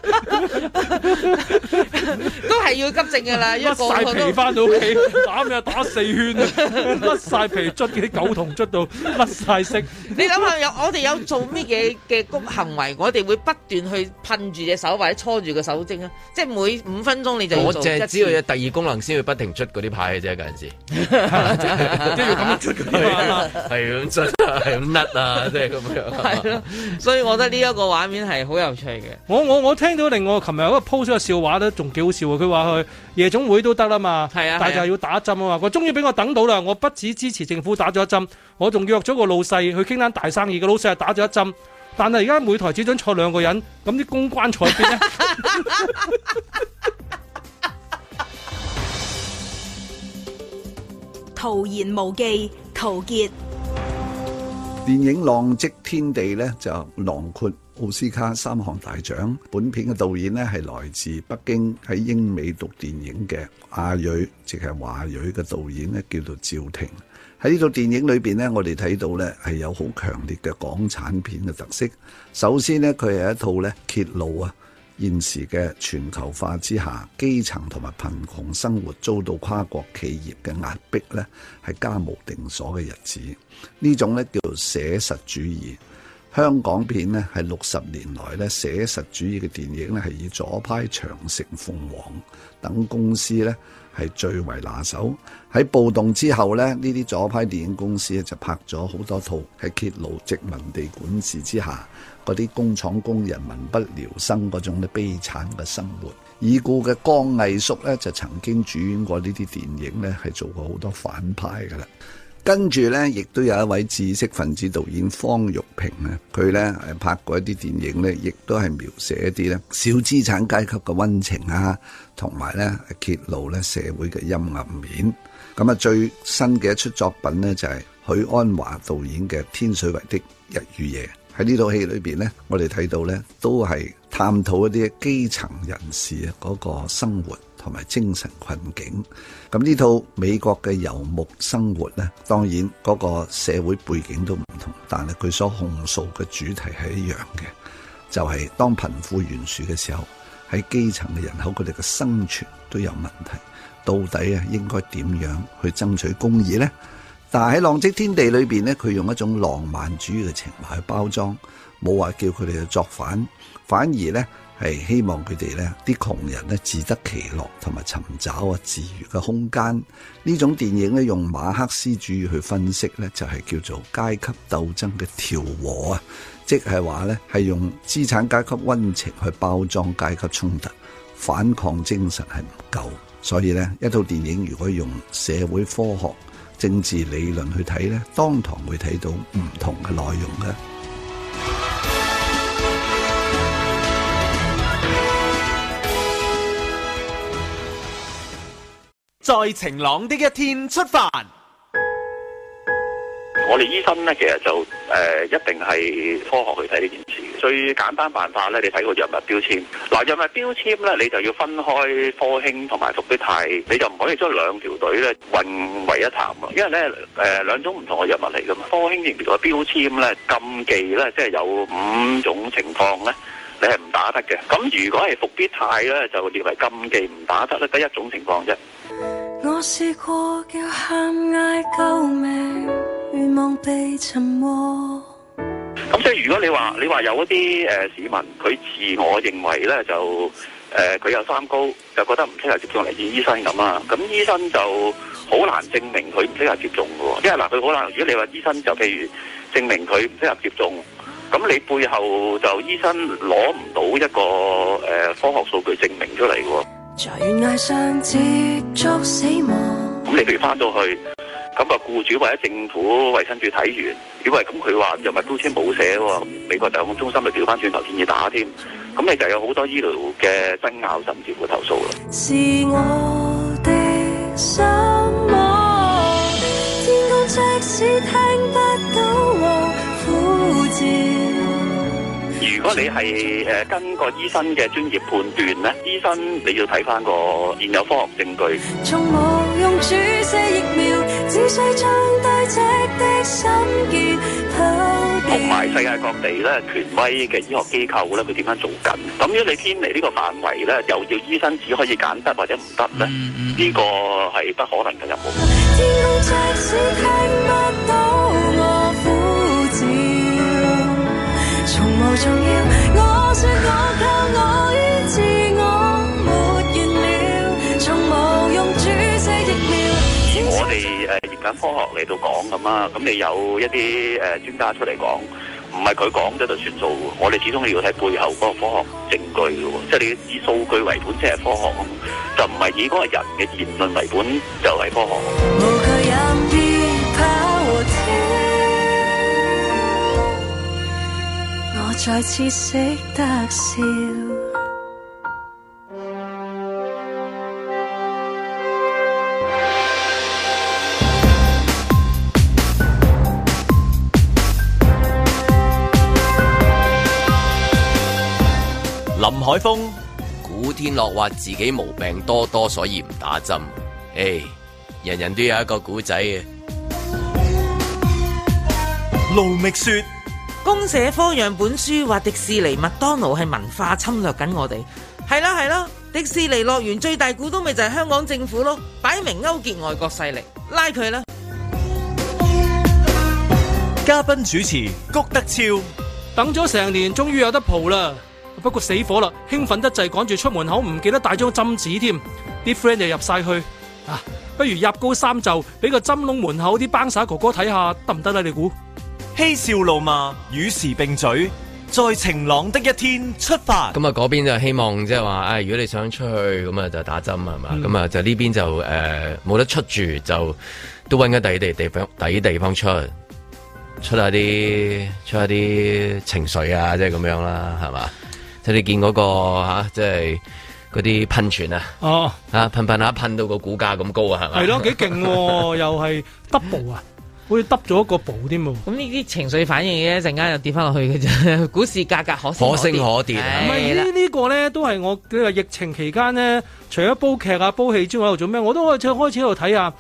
都係要急症嘅啦。甩晒皮翻到屋企，打咩打四圈甩晒皮捽啲狗同捽到甩晒色。你諗下有我哋有做咩嘢嘅工行為，我哋會不斷去噴住隻手或者搓住個手精，啊？即係每五分鐘你就我淨係只有第二功能先會不停捽嗰啲牌嘅啫，嗰陣時，即係咁捽佢，係咁捽，係咁甩啊！係咯， 所以我覺得呢一個畫面係好有趣嘅。 我我我聽到另外琴日一個 post 個笑話咧，仲幾好笑，佢話去夜總會都得啦嘛，係啊，啊，但係要打針啊嘛。我終於俾我等到啦！我不止支持政府打咗一針，我仲約咗個老細去傾單大生意。個老細係打咗一針，但係而家每台只准坐兩個人，咁啲公關坐喺邊咧？陶 言無忌，陶傑。電影《浪跡天地》咧，就囊括奧斯卡三項大獎。本片嘅導演呢，係來自北京喺英美讀電影嘅亞裔，即係華裔嘅導演呢叫做趙婷。喺呢套電影裏邊呢，我哋睇到呢係有好強烈嘅港產片嘅特色。首先呢，佢係一套呢揭露啊。現時嘅全球化之下，基層同埋貧窮生活遭到跨國企業嘅壓迫，呢係家無定所嘅日子。呢種呢叫做寫實主義。香港片呢係六十年來呢寫實主義嘅電影呢係以左派長城鳳凰等公司呢係最為拿手。喺暴動之後呢，呢啲左派電影公司就拍咗好多套喺揭露殖民地管治之下。嗰啲工廠工人民不聊生嗰種咧，悲慘嘅生活，已故嘅江毅叔咧就曾經主演過呢啲電影咧，係做過好多反派㗎喇。跟住咧，亦都有一位知識分子導演方育平咧，佢咧拍過一啲電影咧，亦都係描寫一啲咧小資產階級嘅溫情啊，同埋咧揭露咧社會嘅陰暗面。咁啊，最新嘅一齣作品咧就係許鞍華導演嘅《天水圍的日與夜》。喺呢套戲裏邊呢，我哋睇到呢都係探討一啲基層人士啊嗰個生活同埋精神困境。咁呢套美國嘅游牧生活呢，當然嗰個社會背景都唔同，但係佢所控訴嘅主題係一樣嘅，就係當貧富懸殊嘅時候，喺基層嘅人口佢哋嘅生存都有問題。到底啊，應該點樣去爭取公義呢？但喺《浪跡天地》裏邊咧，佢用一種浪漫主義嘅情懷去包裝，冇話叫佢哋去作反，反而咧係希望佢哋咧啲窮人咧自得其樂，同埋尋找啊自愈嘅空間。呢種電影咧用馬克思主義去分析咧就係叫做階級鬥爭嘅調和啊，即係話咧係用資產階級溫情去包裝階級衝突，反抗精神係唔夠。所以咧一套電影如果用社會科學，政治理論去睇呢，當堂會睇到唔同嘅內容嘅。在晴朗的一天出發。我哋醫生咧，其實就誒、呃、一定係科學去睇呢件事。最簡單辦法咧，你睇個藥物標籤嗱、啊，藥物標籤咧，你就要分開科興同埋復必泰，你就唔可以將兩條隊咧混為一談啊！因為咧，誒、呃、兩種唔同嘅藥物嚟㗎嘛。科興型別嘅標籤咧禁忌咧，即係有五種情況咧，你係唔打得嘅。咁如果係復必泰咧，就列為禁忌唔打得咧，得一種情況啫。我試過叫喊嗌救命。願望被沉。咁所以如果你話你話有一啲誒、呃、市民佢自我認為咧就誒佢、呃、有三高就覺得唔適合接種嚟，自醫生咁啊，咁醫生就好難證明佢唔適合接種喎。因為嗱佢好難。如果你話醫生就譬如證明佢唔適合接種，咁你背後就醫生攞唔到一個誒、呃、科學數據證明出嚟。喎在懸崖上接觸死亡。咁你譬如翻到去。咁啊！僱主或者政府衛生署睇完，如果係咁，佢話又唔係標籤冇寫喎，美國疾控中心就調翻轉頭建議打添，咁你就有好多醫療嘅爭拗，甚至乎投訴咯。我的心望天空即使聽不到我呼召。如果你係誒跟個醫生嘅專業判斷咧，醫生你要睇翻個現有科學證據。同埋世界各地咧，權威嘅醫學機構咧，佢點樣做緊？咁如果你偏離呢個範圍咧，又要醫生只可以揀得或者唔得咧，呢個係不可能嘅任務。嗯嗯嗯誒嚴格科學嚟到講咁啊，咁你有一啲誒專家出嚟講，唔係佢講得就算數。我哋始終要睇背後嗰個科學證據嘅喎，即係你以數據為本即係科學，就唔係以嗰個人嘅言論為本就係科學。無個林海峰、古天樂話自己毛病多多，所以唔打針。唉，人人都有一個古仔嘅。盧覓雪公社科樣本書話迪士尼、麥當勞係文化侵略緊我哋。係啦係啦，迪士尼樂園最大股東咪就係香港政府咯，擺明勾結外國勢力，拉佢啦。嘉賓主持谷德超，等咗成年，終於有得蒲啦。不過死火啦，興奮得滯，趕住出門口唔記得帶張針紙添，啲 friend 又入晒去，啊，不如入高三就俾個針窿門口啲班傻哥哥睇下得唔得啦？你估？嬉笑怒罵與時並嘴，在晴朗的一天出發。咁啊，嗰邊就希望即係話，誒、就是哎，如果你想出去，咁啊就打針係嘛，咁啊、嗯、就呢邊就誒冇得出住，就都搵間第地地方，第地方出，出下啲，出下啲情緒啊，即係咁樣啦，係嘛。你見嗰、那個吓、啊，即係嗰啲噴泉啊！哦、啊，噴噴下噴到個股價咁高啊，係咪？係咯，幾勁！ 又係 double 啊，好似 double 咗一個寶添。咁呢啲情緒反應嘅一陣間又跌翻落去嘅啫。股市價格可可升可跌。唔係、哎呀這個、呢呢個咧，都係我呢個疫情期間咧，除咗煲劇啊、煲戲之外，喺度做咩？我都開始開始喺度睇下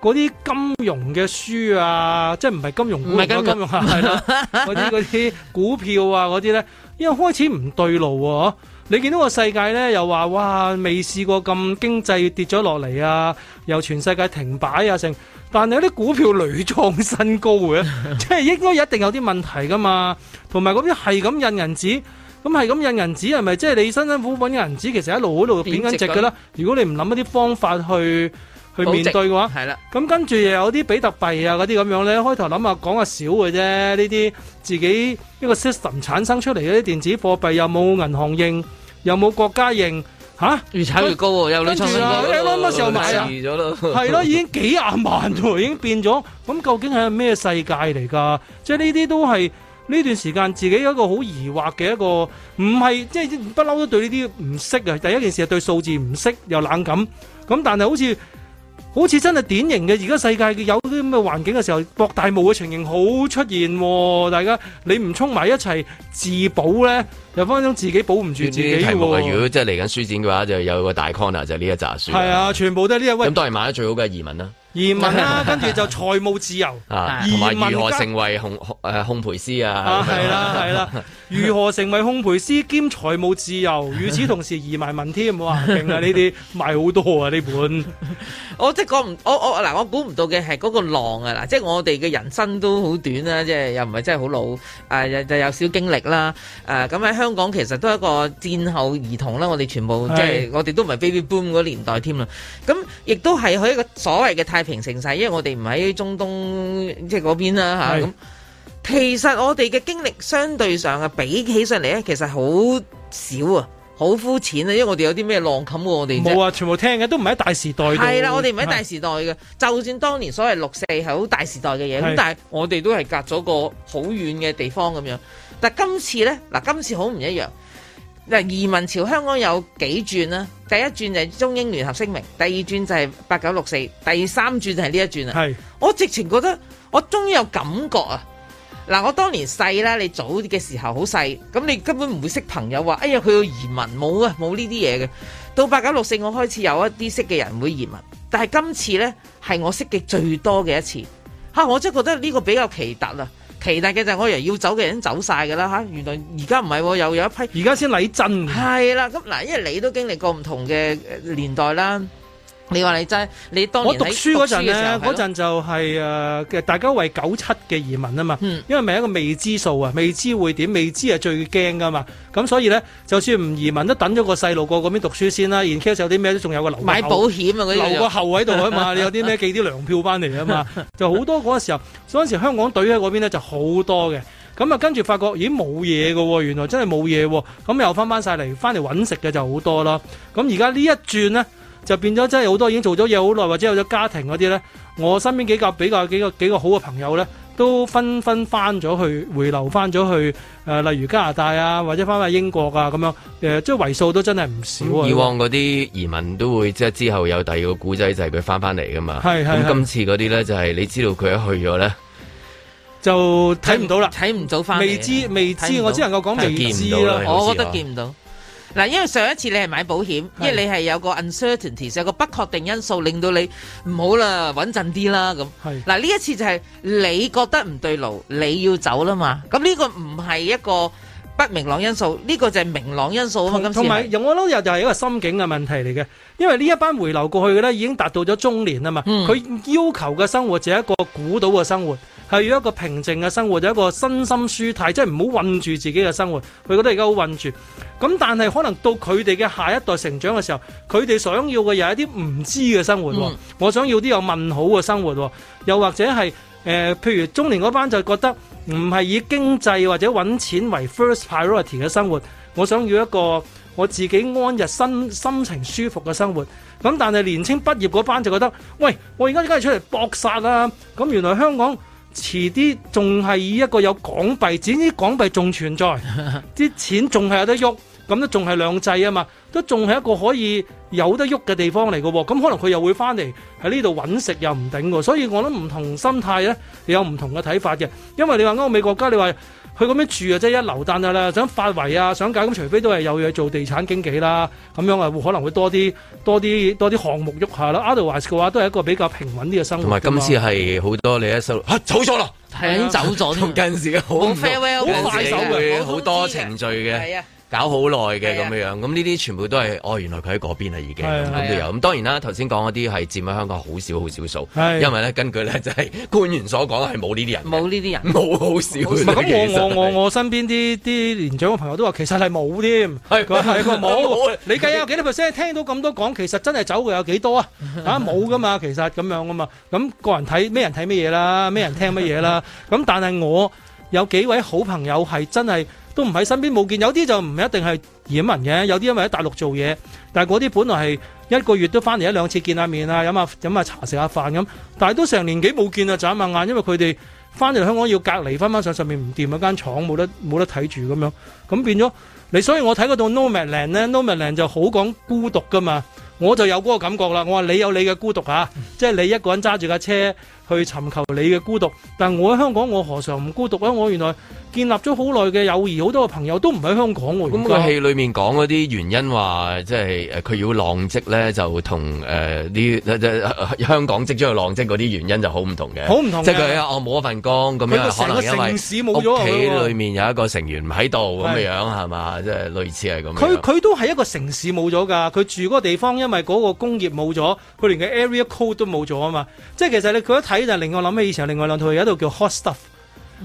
嗰啲金融嘅書啊，即係唔係金融股啊，金融係啲嗰啲股票啊，嗰啲咧。因為開始唔對路喎，你見到個世界咧，又話哇未試過咁經濟跌咗落嚟啊，又全世界停擺啊成，但係有啲股票屢創新高嘅，即係 應該一定有啲問題噶嘛。同埋嗰啲係咁印銀紙，咁係咁印銀紙，係咪即係你辛辛苦苦搵嘅銀紙，其實一路喺度變緊值㗎啦？如果你唔諗一啲方法去。去面對嘅話，係啦。咁跟住又有啲比特幣啊嗰啲咁樣咧，開頭諗下講下少嘅啫。呢啲自己一個 system 產生出嚟嗰啲電子貨幣，又冇銀行認，又冇國家認，吓、啊？越炒越高喎、啊。啊、有你參你乜時候買啊？遲咗咯了、啊。係 咯，已經幾廿萬已經變咗。咁究竟係咩世界嚟㗎？即係呢啲都係呢段時間自己有一個好疑惑嘅一個，唔係即係不嬲、就是、都對呢啲唔識啊。第一件事係對數字唔識又冷感。咁但係好似。好似真係典型嘅，而家世界有啲咁嘅環境嘅時候，博大霧嘅情形好出現喎、哦。大家你唔衝埋一齊自保咧，又翻種自己保唔住自己、哦。呢啲題目啊，如果真係嚟緊書展嘅話，就有個大 corner 就呢一集書。係啊，吧全部都係呢一位。咁當然買得最好嘅移民啦。移民啦、啊，跟住就財務自由，啊，同埋如何成為烘誒烘焙師啊？係啦係啦，如何成為烘焙師兼財務自由，與此同時移民問、啊、添，哇！勁啊，呢啲賣好多啊呢本， 我即係講唔，我我嗱我估唔到嘅係嗰個浪啊嗱，即係我哋嘅人生都好短啦、啊，即係又唔係真係好老，誒、呃，又有少經歷啦、啊，誒、呃，咁喺香港其實都係一個戰後兒童啦、啊，我哋全部是即係我哋都唔係 baby boom 嗰年代添、啊、啦，咁亦都係佢一個所謂嘅太平盛世，因為我哋唔喺中東，即係嗰邊啦咁是、啊、其實我哋嘅經歷相對上啊，比起上嚟咧，其實好少啊，好膚淺啊。因為我哋有啲咩浪冚嘅、啊，我哋冇啊，全部聽嘅都唔係喺大時代。係啦、啊，我哋唔喺大時代嘅。是就算當年所謂六四係好大時代嘅嘢，咁是但係我哋都係隔咗個好遠嘅地方咁樣。但係今次咧，嗱今次好唔一樣。嗱，移民潮香港有幾轉啦、啊？第一轉就係中英聯合聲明，第二轉就係八九六四，第三轉就係呢一轉係、啊是，我直情覺得我終於有感覺啊！嗱，我當年細啦，你早嘅時候好細，咁你根本唔會識朋友話，哎呀，佢要移民，冇啊，冇呢啲嘢嘅。到八九六四，我開始有一啲識嘅人會移民，但係今次呢，係我識嘅最多嘅一次。嚇，我真係覺得呢個比較奇特啦。期待嘅就係我以為要走嘅人走晒㗎啦吓，原來而家唔係，又有一批而家先嚟震。係啦，咁，嗱，因為你都經歷過唔同嘅年代啦。你話你真，你當年喺讀書嗰陣咧，嗰陣就係、是、誒、呃，大家為九七嘅移民啊嘛，嗯、因為咪一個未知數啊，未知會點，未知係最驚噶嘛。咁所以咧，就算唔移民都等咗個細路過嗰邊讀書先啦。然之後有啲咩都仲有個留個買保險啊，嗰、那、啲、個、留個後喺度啊嘛。你 有啲咩寄啲糧票翻嚟啊嘛，就好多嗰個時候，嗰陣 時香港隊喺嗰邊咧就好多嘅。咁啊，跟住發覺咦冇嘢噶，原來真係冇嘢。咁又翻翻晒嚟，翻嚟搵食嘅就好多啦。咁而家呢一轉呢。就變咗，真係好多已經做咗嘢好耐，或者有咗家庭嗰啲咧。我身邊幾個比較幾個，幾個好嘅朋友咧，都紛紛翻咗去回流翻咗去，呃、例如加拿大啊，或者翻去英國啊咁樣，即係為數都真係唔少。嗯。以往嗰啲移民都會即係之後有第二個古仔，就係佢翻翻嚟噶嘛。係係係。咁今次嗰啲咧就係你知道佢一去咗咧，就睇唔到啦，睇唔到翻，未知未知，我只能夠講未知咯。我覺得見唔到。嗱，因為上一次你係買保險，因為你係有個 uncertainty，有個不確定因素，令到你唔好啦，穩陣啲啦咁。係。嗱，呢一次就係你覺得唔對路，你要走啦嘛。咁呢個唔係一個不明朗因素，呢個就係明朗因素啊。今次同埋用我諗又就係一個心境嘅問題嚟嘅，因為呢一班回流過去嘅咧已經達到咗中年啊嘛，佢要求嘅生活就係一個估到嘅生活。係要一個平靜嘅生活，就一個身心舒泰，即係唔好韞住自己嘅生活。佢覺得而家好韞住，咁但係可能到佢哋嘅下一代成長嘅時候，佢哋想要嘅又係一啲唔知嘅生活。嗯、我想要啲有問號嘅生活，又或者係、呃、譬如中年嗰班就覺得唔係以經濟或者揾錢為 first priority 嘅生活。我想要一個我自己安逸心心情舒服嘅生活。咁但係年青畢業嗰班就覺得，喂，我而家梗係出嚟搏殺啊！咁原來香港。遲啲仲係以一個有港幣，即使港幣仲存在，啲錢仲係有得喐，咁都仲係兩制啊嘛，都仲係一個可以有得喐嘅地方嚟嘅喎。咁、嗯、可能佢又會翻嚟喺呢度揾食又唔頂喎，所以我諗唔同心態咧有唔同嘅睇法嘅，因為你話歐美國家，你話。佢咁樣住啊，即係一樓但係咧，想發圍啊，想搞咁，除非都係有嘢做地產經紀啦，咁樣啊可能會多啲多啲多啲項目喐下啦。Otherwise 嘅話都係一個比較平穩啲嘅生活。同埋今次係好多你一收走咗啦，係啊，走咗同近時嘅好 farewell 好多快手嘅，好多程序嘅。搞好耐嘅咁樣，咁呢啲全部都係，哦，原來佢喺嗰邊係已經，咁都有。咁當然啦，頭先講嗰啲係佔喺香港好少好少數，因為咧根據咧就係官員所講係冇呢啲人，冇呢啲人，冇好少。咁，我我我我身邊啲啲年長嘅朋友都話其實係冇添，係佢冇，你計下幾多 percent？聽到咁多講，其實真係走會有幾多啊？啊冇噶嘛，其實咁樣噶嘛。咁個人睇咩人睇乜嘢啦，咩人聽乜嘢啦。咁但係我有幾位好朋友係真係。都唔喺身邊冇見，有啲就唔一定係移民嘅，有啲因為喺大陸做嘢，但嗰啲本來係一個月都翻嚟一兩次見下面啊，飲下飲下茶食下飯咁，但係都成年幾冇見啊，就眨下眼，因為佢哋翻嚟香港要隔離，翻返上上面唔掂嗰間廠，冇得冇得睇住咁樣，咁變咗你，所以我睇嗰度 Nomadland 咧，Nomadland 就好講孤獨噶嘛，我就有嗰個感覺啦，我話你有你嘅孤獨啊、嗯、即係你一個人揸住架車。去尋求你嘅孤獨，但係我喺香港，我何嘗唔孤獨？啊？我原來建立咗好耐嘅友誼，好多嘅朋友都唔喺香港喎。咁個戲裏面講嗰啲原因，話即係佢要浪跡咧，就同誒啲香港跡出去浪跡嗰啲原因就好唔同嘅，好唔同嘅。即係佢我冇一份工咁樣，成個城市冇咗，屋企裏面有一個成員唔喺度咁嘅樣係嘛？即係類似係咁。佢佢都係一個城市冇咗㗎，佢住嗰個地方，因為嗰個工業冇咗，佢連個 area code 都冇咗啊嘛。即係其實你佢一睇，就令我諗起以前另外兩套，有一套叫 Hot Stuff，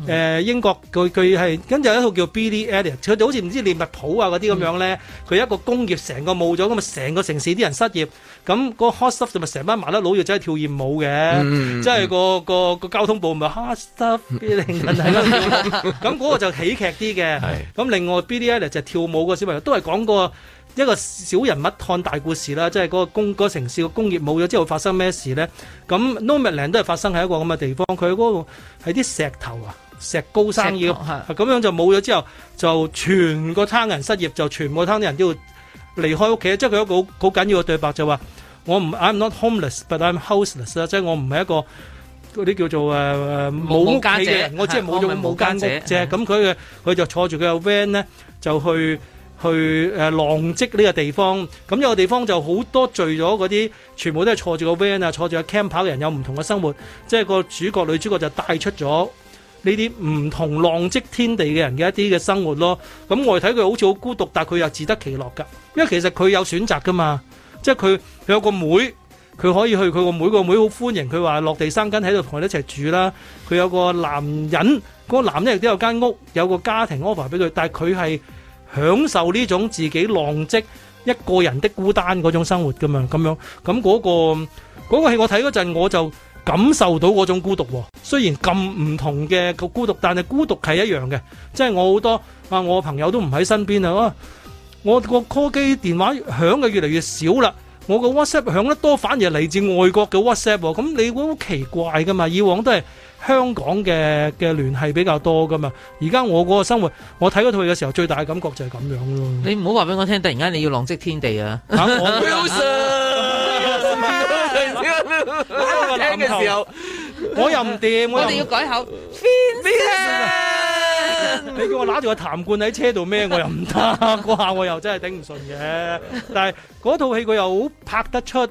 誒英國佢佢係跟住有一套叫 Billy Elliot，佢好似唔知利物浦啊嗰啲咁樣咧，佢一個工業成個冇咗，咁啊成個城市啲人失業，咁嗰 Hot Stuff 咪成班麻甩佬要走去跳艷舞嘅，即係個個個交通部咪 Hot Stuff，令緊係啦，咁嗰個就喜劇啲嘅，咁另外 Billy Elliot 就跳舞個小朋友都係講過。一個小人物看大故事啦，即係嗰個工城市個工業冇咗之後發生咩事呢？咁 Nomadland 都係發生喺一個咁嘅地方，佢嗰個係啲石頭啊、石膏生意啊，咁樣就冇咗之後，就全個㗋人失業，就全部㗞啲人都要離開屋企。即係佢一個好緊要嘅對白就話：我唔 I'm not homeless but I'm houseless 啊，即係我唔係一個嗰啲叫做誒冇屋企嘅人，我即係冇冇間屋啫。咁佢佢就坐住佢個 van 呢，就去。去誒、呃、浪跡呢個地方，咁有個地方就好多聚咗嗰啲，全部都係坐住個 van 啊，坐住個 camp 跑嘅人，有唔同嘅生活。即係個主角女主角就帶出咗呢啲唔同浪跡天地嘅人嘅一啲嘅生活咯。咁我睇佢好似好孤獨，但係佢又自得其樂㗎。因為其實佢有選擇㗎嘛，即係佢佢有個妹，佢可以去佢個妹、個妹好、個妹、歡迎佢話落地生根喺度同佢哋一齊住啦。佢有個男人，個男人亦都有間屋，有個家庭 offer 俾佢，但係佢係。享受呢種自己浪跡一個人的孤單嗰種生活噶嘛，咁樣咁嗰個嗰個戲我睇嗰陣，我就感受到嗰種孤獨、哦。雖然咁唔同嘅個孤獨，但係孤獨係一樣嘅。即係我好多啊，我朋友都唔喺身邊啦。我個 call 機電話響嘅越嚟越少啦，我個 WhatsApp 響得多反而嚟自外國嘅 WhatsApp、哦。咁你會好奇怪噶嘛？以往都係。香港嘅嘅聯繫比較多噶嘛，而家我嗰個生活，我睇套戲嘅時候，最大嘅感覺就係咁樣咯。你唔好話俾我聽，突然間你要浪迹天地啊！我唔聽嘅時候，我又唔掂，我哋要改口。你叫我揦住個痰罐喺車度咩？我又唔得，嗰下我又真係頂唔順嘅。但係嗰套戲佢又好拍得出。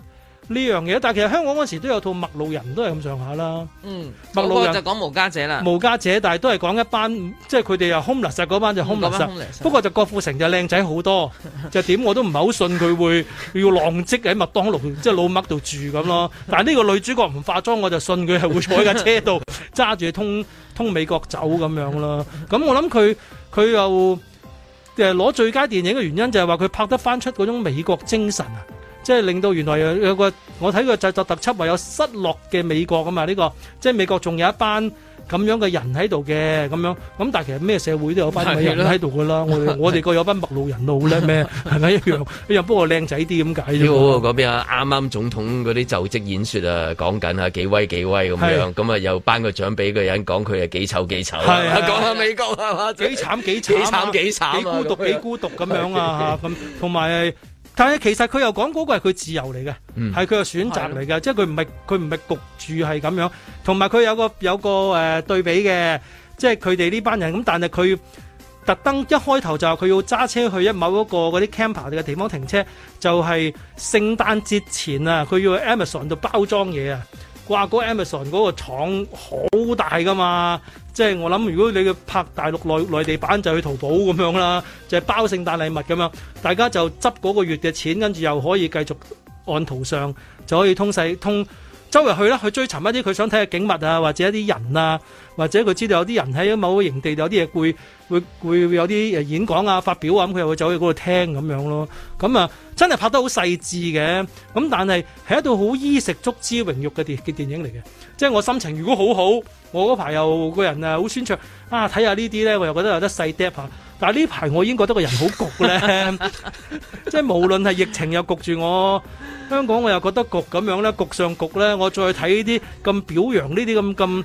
呢樣嘢，但係其實香港嗰時都有套《麥路人》，都係咁上下啦。嗯，《麥路人》就講《無家者》啦，《無家者》，但係都係講一班，即係佢哋又 homeless 嗰班就 homeless。不過就郭富城就靚仔好多， 就點我都唔係好信佢會要浪跡喺麥當勞即係老麥度住咁咯。但係呢個女主角唔化妝，我就信佢係會坐喺車度揸住通通美國走咁樣啦。咁我諗佢佢又誒攞最佳電影嘅原因就係話佢拍得翻出嗰種美國精神啊！即係令到原來有個我睇個就特特輯，話有失落嘅美國啊嘛，呢個即係美國仲有一班咁樣嘅人喺度嘅咁樣，咁但其實咩社會都有班咁嘅人喺度㗎啦。我哋個有班陌路人好叻咩，係咪一樣？又不過靚仔啲咁解啫。啊，嗰邊啱啱總統嗰啲就職演說啊，講緊啊幾威幾威咁樣，咁啊又頒個獎俾個人講佢係幾醜幾醜，係講下美國係嘛？幾慘幾慘，幾慘幾慘，幾慘、啊、孤獨幾孤獨咁樣啊咁，同埋、啊。但係其實佢又講嗰個係佢自由嚟嘅，係佢嘅選擇嚟嘅的、呃，即係佢唔係佢唔係焗住係咁樣。同埋佢有個有個誒對比嘅，即係佢哋呢班人咁，但係佢特登一開頭就話佢要揸車去一某一個嗰啲 camping 嘅地方停車，就係、是、聖誕節前啊，佢要去 Amazon 度包裝嘢啊。哇 Amazon 嗰個廠好大㗎嘛，即係我諗如果你嘅拍大陸內內地版就去淘寶咁樣啦，就係包聖誕禮物咁樣，大家就執嗰個月嘅錢，跟住又可以繼續按圖上，就可以通世通周圍去啦，去追尋一啲佢想睇嘅景物啊，或者一啲人啊。或者佢知道有啲人喺某個營地有啲嘢，會會會有啲演講啊、發表啊，咁佢又會走去嗰度聽咁樣咯。咁啊，真係拍得好細緻嘅。咁但係係一度好衣食足之榮辱嘅電嘅電影嚟嘅。即係我心情如果好好，我嗰排又個人啊好宣暢啊，睇下呢啲咧，我又覺得有得細釘嚇。但係呢排我已經覺得個人好焗咧， 即係無論係疫情又焗住我，香港我又覺得焗咁樣咧，焗上焗咧，我再睇呢啲咁表揚呢啲咁咁。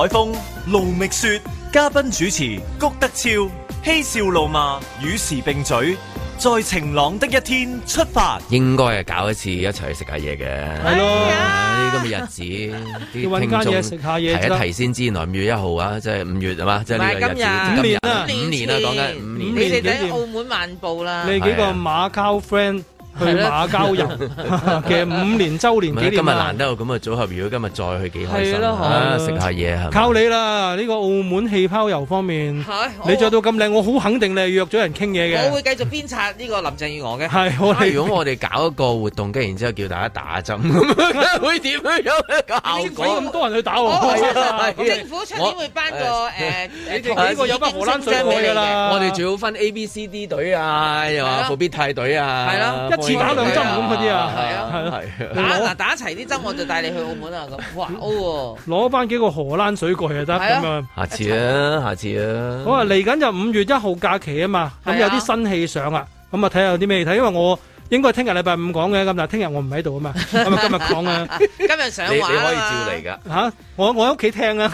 海峰盧覓雪，嘉賓主持谷德昭、嬉笑怒罵、與時並嘴、在晴朗的一天出發。應該係搞一次一齊去食下嘢嘅。係咯，呢咁嘅日子，食 聽眾眾提一提先知，原來 五月一號啊，即係五月啊嘛，即係呢個日子，今今五年啊，五年啦，啊，講緊，啊，五年，你哋喺澳門漫步啦，你幾個馬交 friend。去馬交遊，其實五年週年幾年啦。今日難得有咁嘅組合，如果今日再去幾開心，食下嘢係。靠你啦！呢個澳門氣泡遊方面，你著到咁靚，我好肯定你係約咗人傾嘢嘅。我會繼續鞭策呢個林鄭月娥嘅。係，我哋如果我哋搞一個活動，跟住然之後叫大家打針，咁樣會點啊？搞咁多人去打喎！政府出年會辦個誒，呢個有辦胡攤水貨嚟嘅。我哋仲要分 A、B、C、D 隊啊，又何必替隊啊？係啦。打兩針咁嗰啲啊，係啊，係啊，係。打嗱打齊啲針，我就帶你去澳門啊，咁，哇，O 攞翻幾個荷蘭水過去就得，咁樣。下次啊，下次啊。好啊，嚟緊就五月一號假期啊嘛，咁有啲新戲上啊，咁啊睇下有啲咩睇，因為我應該聽日禮拜五講嘅，咁但係聽日我唔喺度啊嘛，咁啊今日講啊。今日上，你你可以照嚟噶吓，我我喺屋企聽啊。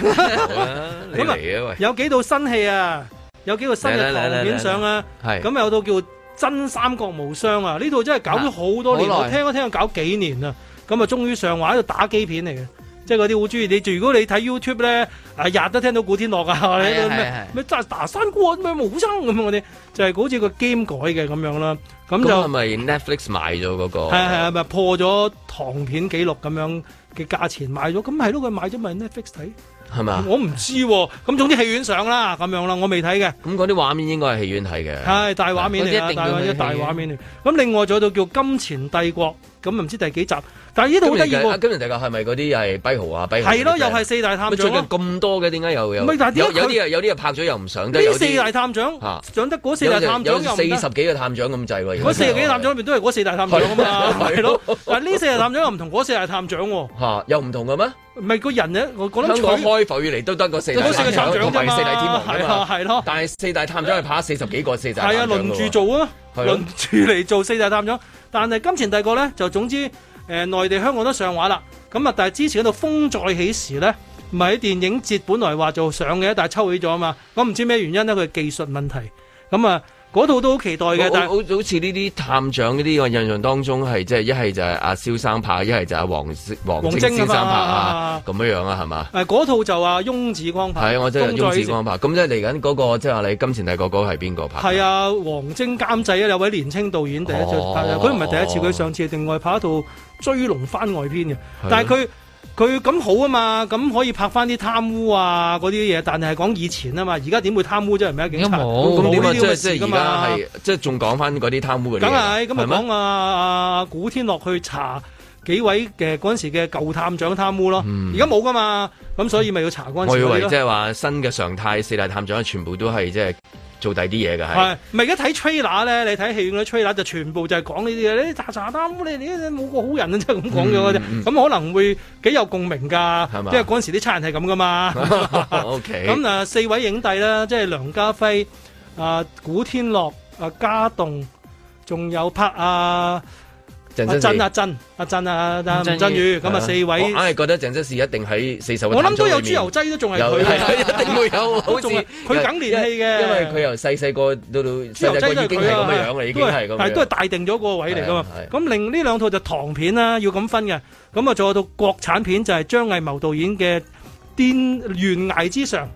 咁啊，有幾套新戲啊，有幾套新嘅畫面上啊，係。咁有套叫。真三國無雙啊！呢套真係搞咗好多年，啊、我聽都聽佢搞幾年啊。咁啊終於上畫喺度打機片嚟嘅，即係嗰啲好中意你。如果你睇 YouTube 咧，日、啊、日都聽到古天樂啊，咩咩真係打三國咩無雙咁嗰啲，就係、是、好似個 game 改嘅咁樣啦。咁就係咪 Netflix 買咗嗰、那個？係係係咪破咗唐片記錄咁樣嘅價錢買咗？咁係咯，佢買咗咪 Netflix 睇？係嘛？是我唔知、啊，咁總之戲院上啦，咁樣啦，我未睇嘅。咁嗰啲畫面應該係戲院睇嘅，係大畫面嚟，大一啲大畫面嚟。咁另外仲有套叫《金錢帝國》。咁唔知第幾集，但呢度好得意喎。今日大家係咪嗰啲係跛豪啊，跛豪係咯，又係四大探長咁多嘅，點解又有？咪但點解有啲啊？有啲啊拍咗又唔想得。呢四大探長上得嗰四大探長有四十幾個探長咁滯喎。嗰四十幾個探長裏面都係嗰四大探長啊嘛，係咯，呢四大探長又唔同嗰四大探長喎。嚇，又唔同嘅咩？唔係個人呢？我覺得香港開埠以嚟都得嗰四大探長四大係係咯。但係四大探長係拍四十幾個四大探長。係啊，輪住做啊，輪住嚟做四大探長。但係金錢帝國咧，就總之誒、呃，內地香港都上畫啦。咁啊，但係之前嗰度風再起時咧，唔係喺電影節本來話就上嘅，但係抽起咗啊嘛。咁唔知咩原因咧，佢技術問題。咁、嗯、啊。呃嗰套都好期待嘅，我但係是好好似呢啲探長呢啲，我印象當中係即係一係就係、是、阿蕭生拍，一係就阿王王晶先生拍啊，咁樣、啊、樣啊，係嘛、啊？誒嗎，嗰套就阿翁子光拍。係啊，我即係翁子光拍。咁即係嚟緊嗰個，即係話你金錢帝國嗰個係邊個拍？係啊，王晶監製啊，有位年青導演第一次拍，佢唔係第一次，佢上次另外拍一套《追龍番外篇》嘅、啊，但係佢。佢咁好啊嘛，咁可以拍翻啲貪污啊嗰啲嘢，但係係講以前啊嘛，而家點會貪污啫、啊？唔係警察，而家冇呢啲咁嘅事噶嘛，即係仲講翻嗰啲貪污嘅嘢，梗係咁咪講啊。阿阿古天樂去查幾位嘅嗰陣時嘅舊探長貪污咯，而家冇噶嘛，咁所以咪要查翻出嚟咯。我以為即係話新嘅常態，四大探長全部都係即係。做第啲嘢㗎係，咪而家睇 trailer 呢，咧？你睇戲院嘅 trailer 就全部就係講呢啲嘢，你啲渣渣啦！咁你你冇個好人啊，真係咁講咗啫。咁、嗯嗯、可能會幾有共鳴㗎，因為嗰陣時啲差人係咁噶嘛。 OK。咁啊，四位影帝啦，即係梁家輝、啊、呃、古天樂、啊嘉棟，仲有 Pat 啊。阿振阿振阿振啊，阿振阿振宇，咁啊四位，我係覺得鄭則仕一定喺四十。我諗都有豬油擠都仲係佢，係一定會有，好似佢梗年戲嘅。因為佢由細細個到到，豬油擠都佢啊，因為係都係大定咗個位嚟噶嘛。咁另呢兩套就唐片啦，要咁分嘅。咁啊做到國產片就係張藝謀導演嘅《癲懸崖之上》，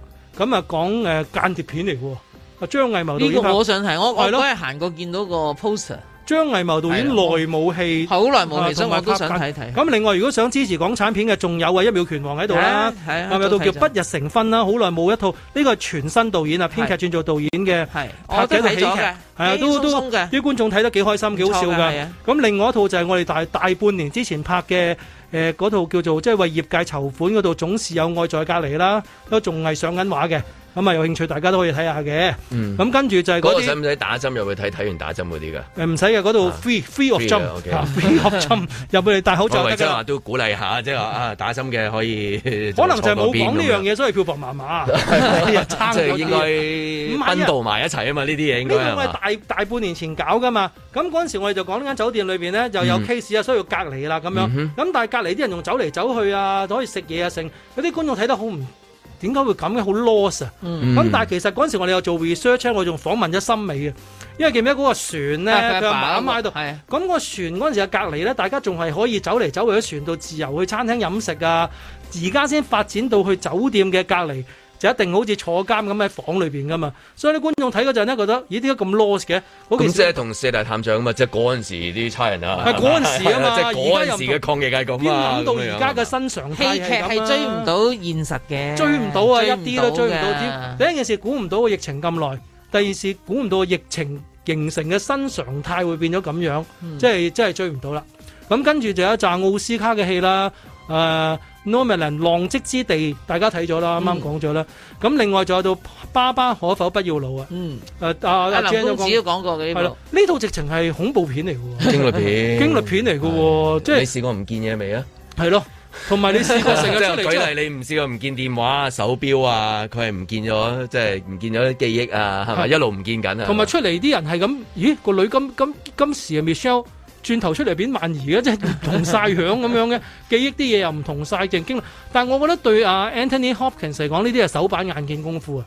咁啊講誒間諜片嚟嘅。阿張藝謀導演呢個我想睇，我我係行過見到個 poster。張藝謀導演耐冇戲，好耐冇戲，我都想睇睇。咁另外，如果想支持港產片嘅，仲有啊《一秒拳王》喺度啦，係啊，有套叫《不日成婚》啦。好耐冇一套，呢個全新導演啊，編劇轉做導演嘅，拍嘅喜劇，係啊，都都啲觀眾睇得幾開心，幾好笑噶。咁另外一套就係我哋大大半年之前拍嘅，誒嗰套叫做即係為業界籌款嗰度，總是有愛在隔籬啦，都仲係上緊畫嘅。咁啊，有興趣大家都可以睇下嘅。咁跟住就係嗰度使唔使打針入去睇？睇完打針嗰啲㗎？唔使嘅，嗰度 free free 盒針，free 盒針入去戴口罩。我咪即係話都鼓勵下，即係啊打針嘅可以。可能就係冇講呢樣嘢， 所以票房麻麻。即係 應該溫度埋一齊啊嘛？呢啲嘢應該係我係大大半年前搞㗎嘛。咁嗰陣時我哋就講呢間酒店裏面咧就有 case 啊，嗯、所以要隔離啦咁樣。咁、嗯、哼但係隔離啲人仲走嚟走去啊，就可以食嘢啊剩。有啲觀眾睇得好唔～點解會咁嘅？好 loss 啊！咁、嗯、但係其實嗰陣時我哋又做 research 我仲訪問咗森美啊，因為記唔記得嗰個船咧，佢阿爸阿媽喺度，咁、啊、個船嗰陣時嘅隔離咧，大家仲係可以走嚟走去喺船度自由去餐廳飲食啊。而家先發展到去酒店嘅隔離。就一定好似坐監咁喺房裏邊噶嘛，所以啲觀眾睇嗰陣咧覺得，咦，點解咁 lost 嘅？咁即係同四大探長啊嘛，即係嗰陣時啲差人啊，嗰陣時啊嘛，即係而家時嘅抗疫界咁啊！諗到而家嘅新常態、啊，戲劇係追唔到現實嘅，追唔到啊！到啊一啲都追唔到。點第一件事估唔到個疫情咁耐，第二件事估唔到個疫情形成嘅新常態會變咗咁樣，嗯、即係真係追唔到啦。咁跟住就有一集奧斯卡嘅戲啦，誒、呃。Norman 浪跡之地，大家睇咗啦，啱啱講咗啦。咁另外仲有到爸爸可否不要老啊？嗯，誒阿阿林公子都講過呢套。係咯，呢套直情係恐怖片嚟嘅。驚慄片，驚慄片嚟嘅，即係你試過唔見嘢未啊？係咯，同埋你試過成日出嚟即係舉例，你唔試過唔見電話啊、手錶啊，佢係唔見咗，即係唔見咗啲記憶啊，係咪一路唔見緊啊？同埋出嚟啲人係咁，咦個女今今今時係 Michelle。轉頭出嚟變萬兒嘅，即係同晒響咁樣嘅 記憶啲嘢又唔同晒。淨經但係我覺得對阿 Anthony Hopkins 嚟講，呢啲係手板眼見功夫啊！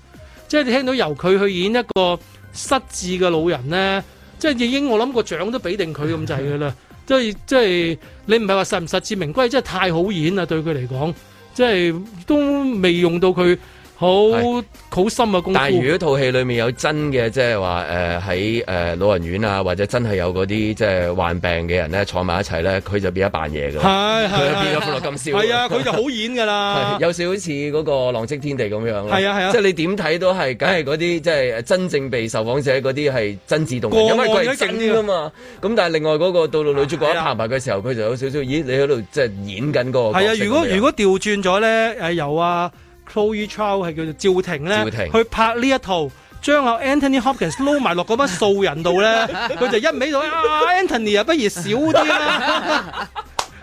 即係你聽到由佢去演一個失智嘅老人咧，即係已經我諗個獎都俾定佢咁滯嘅啦。 即係即係你唔係話實唔實至名歸，真係太好演啦！對佢嚟講，即係都未用到佢。好是好深嘅、啊、功夫，但係如果套戲裏面有真嘅，即係話誒喺誒老人院啊，或者真係有嗰啲即係患病嘅人咧坐埋一齊咧，佢就變咗扮嘢噶啦，佢變咗歡樂今宵。係啊，佢就好演噶啦。 有少少似嗰個《浪跡天地》咁樣，係啊係啊，啊即係你點睇都係，梗係嗰啲即係真正被受訪者嗰啲係真摯動人個案 因為佢係真噶嘛。咁但係另外嗰、那個到到女主角一拍埋嘅時候，佢就有少少，咦？你喺度即係演緊嗰個。係啊，如果如果調轉咗咧，誒有啊。Chloé Zhao 係叫做趙婷咧，去拍呢一套，將阿 Anthony Hopkins 撈埋落嗰班素人度咧，佢就一味到啊，Anthony 啊，不如少啲啦。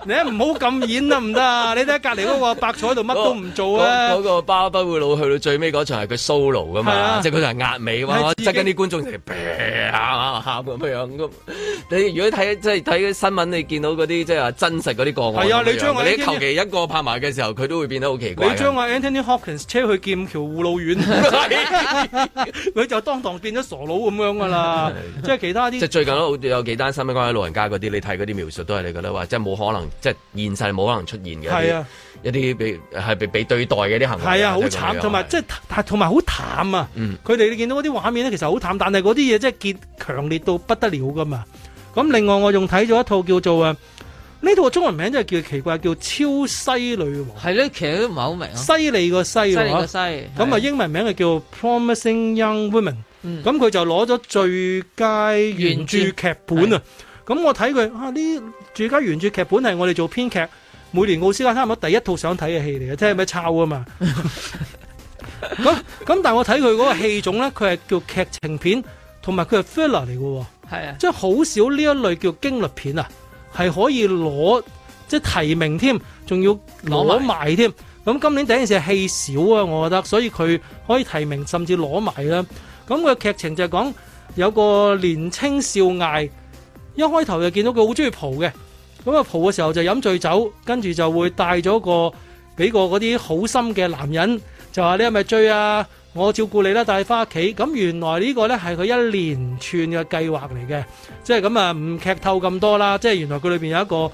你唔好咁演得唔得啊？你睇隔籬嗰個白菜喺度乜都唔做啊！嗰、 嗰個巴不、嗰個、會老去到最尾嗰場係佢 solo 噶嘛，係啊、即係佢就係壓尾喎，即係跟啲觀眾嚟砰咁樣。你如果睇即係睇新聞，你見到嗰啲即係話真實嗰啲個案，係啊！樣你將你求其一個拍埋嘅時候，佢都會變得好奇怪。你將阿 Anthony Hopkins 車去劍橋護老院，佢就當堂變咗傻佬咁樣噶啦， 即係其他啲。 即係最近都有幾單新聞講起老人家嗰啲，你睇嗰啲描述都係你覺得話即係冇可能。即係現實冇可能出現嘅一啲係啊，一啲被係被被對待嘅啲行為，係啊，好慘，同埋有是即係同埋好淡啊。佢哋，嗯，你見到嗰啲畫面咧，其實好淡，但係嗰啲嘢真係結強烈到不得了噶嘛。咁另外我仲睇咗一套叫做啊，呢套中文名字真係叫奇怪，叫超犀女王。係咧，其實都唔係好明，啊。犀利個犀嗬，咁啊的英文名係叫 Promising Young Woman。咁佢，嗯，就攞咗最佳原著劇本啊。咁我睇佢啊，呢最佳原著劇本係我哋做編劇每年奧斯卡差唔多第一套想睇嘅戲嚟嘅，即係咩抄啊嘛？咁咁， 但係我睇佢嗰個戲種咧，佢係叫劇情片，同埋佢係 filler 嚟嘅，係啊的，即係好少呢一類叫驚慄片啊，係可以攞即係提名添，仲要攞埋添。咁，來今年第一件事係戲少啊，我覺得，所以佢可以提名，甚至攞埋啦。咁佢個劇情就係講有個年青少艾。一開頭就見到佢好中意蒲嘅，咁啊蒲嘅時候就飲醉酒，跟住就會帶咗個幾個嗰啲好心嘅男人，就話你係咪追啊？我照顧你啦，帶你翻屋企。咁原來呢個呢係佢一連串嘅計劃嚟嘅，即係咁啊唔劇透咁多啦。即係原來佢裏邊有一個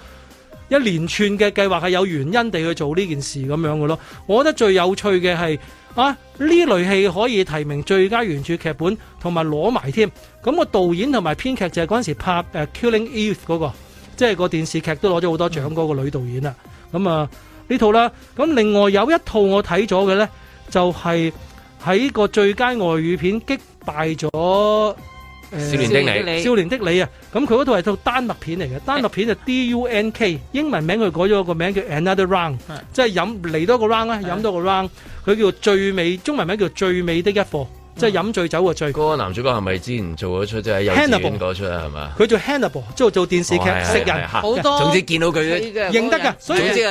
一連串嘅計劃係有原因地去做呢件事咁樣嘅咯。我覺得最有趣嘅係。啊！呢類戲可以提名最佳原著劇本同埋攞埋添，咁個導演同埋編劇就係嗰陣時拍《誒 Killing Eve》嗰個，即係個電視劇都攞咗好多獎嗰個女導演啦。咁啊，呢套啦，咁另外有一套我睇咗嘅呢，就係喺個最佳外語片擊敗咗。少年的你，嗯、少年的你啊，咁佢嗰套係套丹麥片嚟嘅，丹麥片就 DUNK，、欸、英文名佢改咗個名叫 Another Round，o d 即係飲嚟多個 round o d 啦，飲多個 round，o d 佢叫做最美，中文名叫做最美的一課。即係飲醉酒嘅醉。嗰個男主角係咪之前做咗出即係 Hannibal 嗰出啊？係嘛？佢做 Hannibal，即係做電視劇食人，好多。總之見到佢，認得噶。所以總之誒，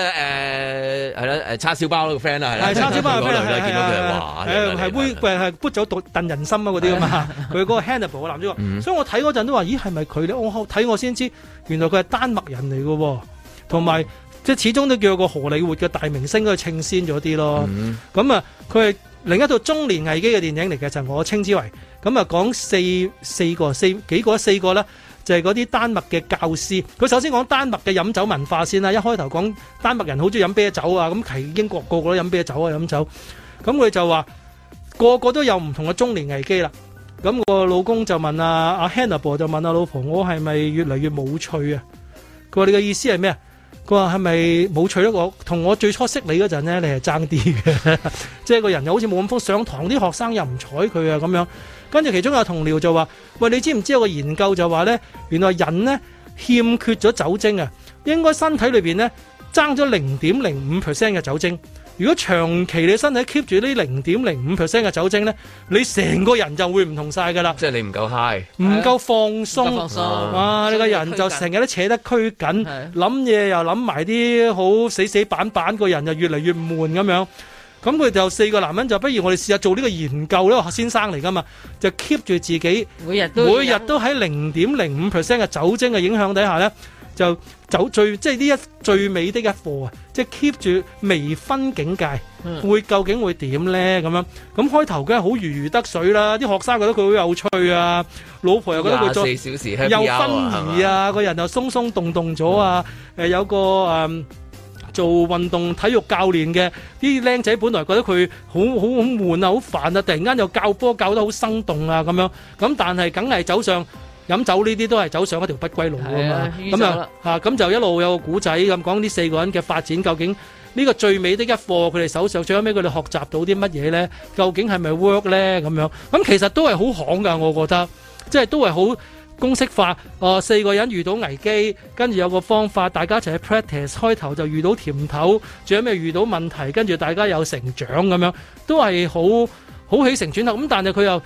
係啦，誒叉燒包嗰個 friend 啊，係叉燒包嗰個女又見到佢，哇，係會誒係 put 咗毒燉人心啊嗰啲啊嘛。佢嗰個 Hannibal 個男主角，所以我睇嗰陣都話，咦，係咪佢咧？我睇我先知，原來佢係丹麥人嚟嘅，同埋即係始終都叫個荷里活嘅大明星去稱仙咗啲咯。咁啊，佢係。另一套中年危機嘅電影嚟嘅就係、我稱之為咁啊，講四四個四幾個四個呢，就係嗰啲丹麥嘅教師。佢首先講丹麥嘅飲酒文化先啦，一開頭講丹麥人好中意飲啤酒啊，咁係英國個個都飲啤酒啊，飲酒。咁佢就話個個都有唔同嘅中年危機啦。咁、那、我、個、老公就問啊，阿、啊、Hannibal 就問阿、啊、老婆，我係咪越嚟越冇趣啊？佢話你嘅意思係咩？佢話係咪冇除咗我同我最初識你嗰陣咧，你係爭啲嘅，即係個人又好似冇咁風。上堂啲學生又唔睬佢啊咁樣。跟住其中有同僚就話：喂，你知唔知我個研究就話咧，原來人咧欠缺咗酒精啊，應該身體裏面咧爭咗零點零五 percent 嘅酒精。如果長期你身體 keep 住啲零點零五 percent 嘅酒精咧，你成個人就會唔同晒噶啦。即係你唔夠 high，唔夠放鬆，啊你個人就成日都扯得拘謹，諗嘢的又諗埋啲好死死板板，個人就越嚟越悶咁樣。咁佢就四個男人就不如我哋試下做呢個研究呢、呢個先生嚟噶嘛，就 keep 住自己每日每日都喺零點零五 percent 嘅酒精嘅影響底下咧。就走最即係呢一最美的一課啊！即係 keep 住微分境界，會究竟會點咧？咁樣咁開頭梗係好如魚得水啦！啲學生覺得佢好有趣啊，老婆又覺得佢再有分儀啊，個人又鬆鬆動動咗啊！有個誒、嗯、做運動體育教練嘅啲靚仔，本來覺得佢好好好悶啊、好煩啊，突然間又教波教得好生動啊，咁樣咁，但係梗係走上。飲酒呢啲都係走上一條不歸路嘛，咁、啊、樣咁、啊、就一路有個古仔咁講呢四個人嘅發展，究竟呢個最美的一課佢哋手上最後尾佢哋學習到啲乜嘢呢？究竟係咪 work 呢？咁樣咁其實都係好行㗎，我覺得即係都係好公式化。哦、呃，四個人遇到危機，跟住有個方法，大家一齊去 practice，開頭就遇到甜頭，最後尾遇到問題，跟住大家有成長咁樣，都係好好起承轉合。咁但係佢又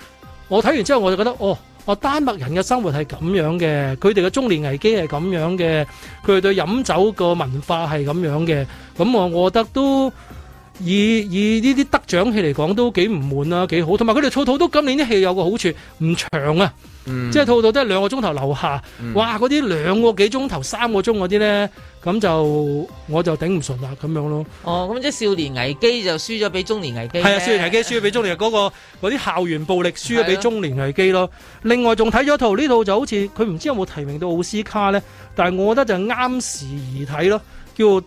我睇完之後我就覺得哦。我丹麥人嘅生活係咁樣嘅，佢哋嘅中年危機係咁樣嘅，佢哋對飲酒個文化係咁樣嘅，咁我覺得都以以呢啲得獎戲嚟講都幾唔滿啦，幾好，同埋佢哋《草草》都今年啲戲有個好處，唔長啊。嗯、即係套套都係兩個鐘頭樓下，哇、嗯！嗰啲兩個幾鐘頭、三個鐘嗰啲咧，咁就我就頂唔順啦，咁樣咯。哦，咁即係少年危機就輸咗俾中年危機。係啊，少年危機輸咗俾中年危機，嗰個嗰啲校園暴力輸咗俾中年危機、 嗰個、咯。另外仲睇咗套呢套就好似佢唔知有冇提名到奧斯卡咧，但係我覺得就啱時而睇咯，叫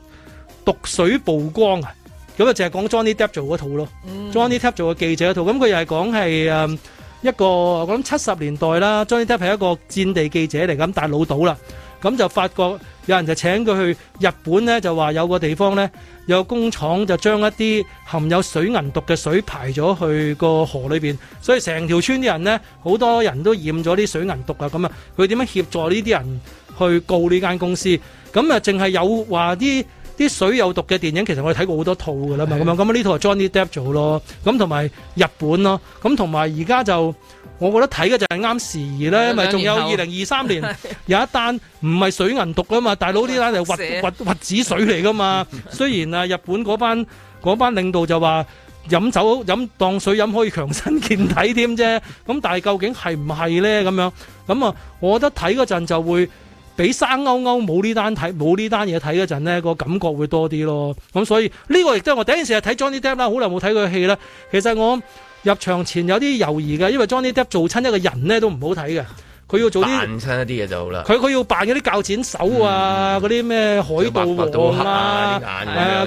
毒水曝光啊，咁啊淨係講 Johnny Depp 做嗰套咯、嗯、，Johnny Depp 做嘅記者嗰一套，咁佢又係講係誒。嗯一個我諗七十年代啦，Johnny Depp 係一個戰地記者嚟咁，但係老到啦，咁就發覺有人就請佢去日本呢，就話有個地方呢，有個工廠就將一啲含有水銀毒嘅水排咗去個河裏面。所以成條村啲人呢，好多人都染咗啲水銀毒啊咁啊，佢點樣協助呢啲人去告呢間公司？咁啊，淨係有話啲。啲水有毒嘅電影其實我哋睇過好多套嘅啦嘛，咁啊咁呢套就 Johnny Depp 做咯，咁同埋日本咯，咁同埋而家就我覺得睇嘅就係啱時宜咧，因為仲有二零二三年是的有一單唔係水銀毒嘅嘛，是的大佬呢單係核，核，核子水嚟嘅嘛。雖然啊日本嗰班嗰班領導就話飲酒飲當水飲可以強身健體添啫，咁但係究竟係唔係咧咁樣？咁啊，我覺得睇嗰陣就會。俾生勾勾冇呢單睇冇呢單嘢睇嗰陣呢，個感覺會多啲咯。咁所以呢個亦都係我第一件事係睇 Johnny Depp 啦。好耐冇睇佢嘅戲啦。其實我入場前有啲猶豫嘅，因為 Johnny Depp 做親一個人呢都唔好睇嘅。佢要做啲扮親一啲嘢就好啦。佢佢要扮嗰啲鉸剪手啊，嗰啲咩海盜王啊，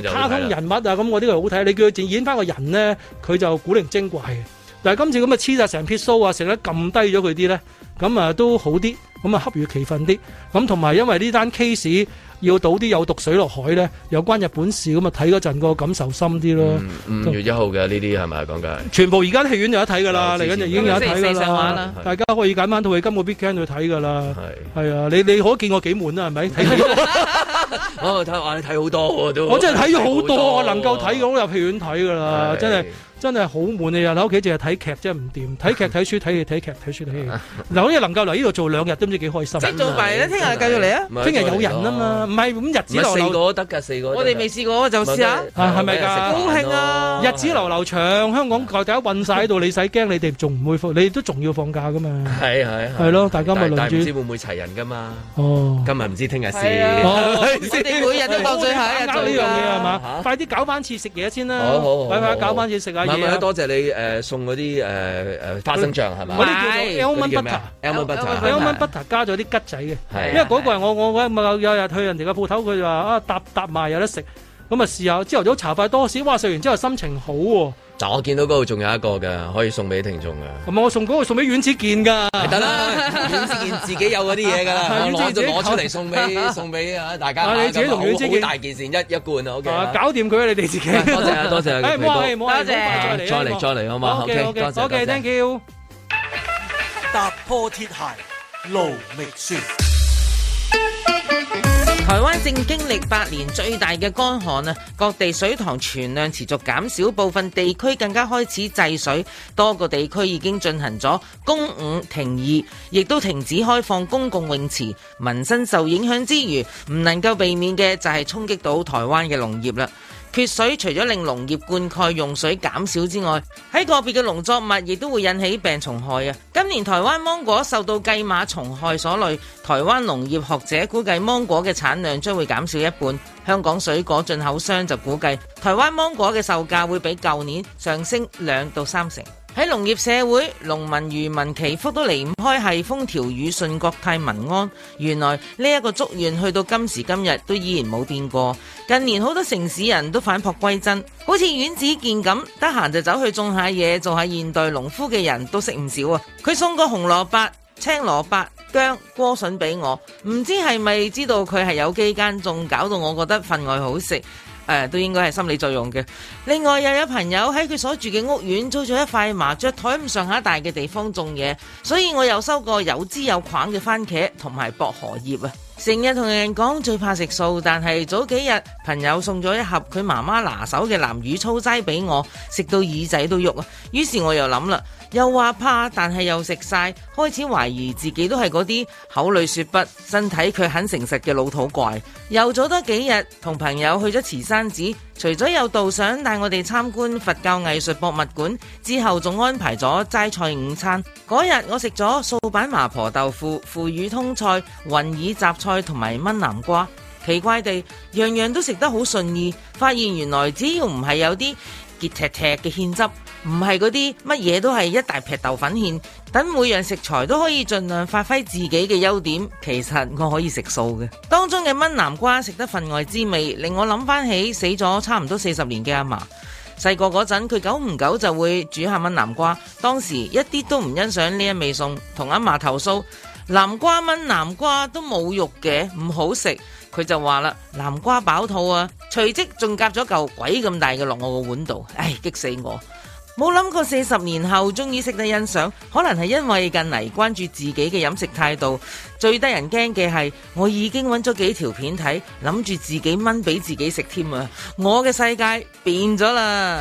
卡通人物啊，咁嗰啲好睇。你叫佢演翻個人呢，佢就古靈精怪。但係今次咁啊，黐晒成片鬚啊，成日撳低咗佢啲咧，咁啊都好啲，咁啊恰如其分啲，咁同埋因為呢單 case 要倒啲有毒水落海咧，有關日本事咁啊，睇嗰陣個感受深啲咯。五、嗯嗯、就月一號嘅呢啲係咪講緊？全部而家戲院有得睇噶啦，嚟緊就已經有得睇㗎啦，四四晚大家可以揀翻套戲今個 weekend 去睇噶啦，係是啊，你你可見見我幾悶啊？係咪？我睇你睇好多我都，我真係睇咗好多，多啊、能夠睇我都入戲院睇噶啦，是真係。真係好悶啊！又喺屋企淨係睇劇，真係唔掂。睇劇睇書睇戲，睇劇睇書睇戲。嗱，我能夠嚟呢度做兩日，都唔知幾開心。即係做埋，你聽日繼續嚟啊！聽日有人啊嘛，唔係咁日子流流得四個，我哋未試過，就試下。係咪㗎？高興啊！日子流流長，香港大家混晒喺度，你使驚？你哋仲唔會放？你都仲要放假㗎嘛？係係係。係咯，大家咪輪住。唔知會唔會齊人㗎嘛？哦，今日唔知聽日先。我哋每日都當最嗨呢樣嘢係嘛？快啲搞翻次食嘢先啦！好好，搞翻次食下。咁多謝你送嗰啲誒花生醬，係咪我呢，叫做 Almond Butter，Almond Butter 加咗啲吉仔嘅。啊、因為嗰個係我我我有日去人哋嘅鋪頭，佢就話啊，搭搭埋有得食，咁啊試下。朝頭早茶塊多士，哇！食完之後心情好喎、哦。但我見到嗰度仲有一個嘅，可以送俾聽眾嘅。唔係，我送嗰個送俾阮子健噶。得啦，阮子健自己有嗰啲嘢噶啦，攞出嚟送俾送俾啊大家。你自己同阮子健好大件事，一一罐啊。OK，搞掂佢啊！你哋自己。多謝多謝。唔好唔好再嚟再嚟好嘛。OK OK，多謝大家。踏破鐵鞋路未熟。台灣正經歷八年最大嘅乾旱啊，各地水塘存量持續減少，部分地區更加開始制水，多個地區已經進行咗公五停二，亦都停止開放公共泳池，民生受影響之餘，唔能夠避免嘅就係衝擊到台灣嘅農業啦。缺水除咗令農業灌溉用水減少之外，喺個別嘅農作物亦都會引起病蟲害啊！今年台灣芒果受到薊馬蟲害所累，台灣農業學者估計芒果嘅產量將會減少一半。香港水果進口商就估計，台灣芒果嘅售價會比舊年上升兩到三成。喺農業社會，農民漁民祈福都離唔開係風調雨順、順國泰民安。原來呢一、這個祝願去到今時今日都依然冇變過。近年好多城市人都返璞歸真，好似阮子健咁，得閒就走去種下嘢，做下現代農夫嘅人都食唔少啊！佢送個紅蘿蔔、青蘿蔔、薑、萵筍俾我，唔知係咪知道佢係有機耕種，搞到我覺得份外好食。誒、啊，都應該係心理作用嘅。另外又有朋友喺佢所住嘅屋苑租咗一塊麻雀台咁上下大嘅地方種嘢，所以我又收過有枝有梗嘅番茄同埋薄荷葉啊。成日同人講最怕食素，但係早幾日朋友送咗一盒佢媽媽拿手嘅南乳粗齋俾我，食到耳仔都喐啊。於是我又諗啦。又話怕，但係又食晒，開始懷疑自己都係嗰啲口裏說不，身體卻很誠實嘅老土怪。又咗多幾日，同朋友去咗慈山寺，除咗有導賞帶我哋參觀佛教藝術博物館之後，仲安排咗齋菜午餐。嗰日我食咗素版麻婆豆腐、腐乳通菜、雲耳雜菜同埋炆南瓜，奇怪地樣樣都食得好順意，發現原來只要唔係有啲杰撻撻嘅芡汁。唔係嗰啲乜嘢都係一大劈豆粉芡，等每樣食材都可以盡量發揮自己嘅優點。其實我可以食素嘅，當中嘅炆南瓜食得分外滋味，令我諗翻起死咗差唔多四十年嘅阿嫲。細個嗰陣，佢久唔久就會煮下炆南瓜，當時一啲都唔欣賞呢一味餸，同阿嫲投訴南瓜炆南瓜都冇肉嘅，唔好食。佢就話啦，南瓜飽肚啊！隨即仲夾咗嚿鬼咁大嘅落我個碗度，唉，激死我！冇諗過四十年後，終於識得欣賞，可能係因為近嚟關注自己嘅飲食態度。最得人驚嘅係，我已經搵咗幾條片睇，諗住自己燜俾自己食添啊！我嘅世界變咗啦。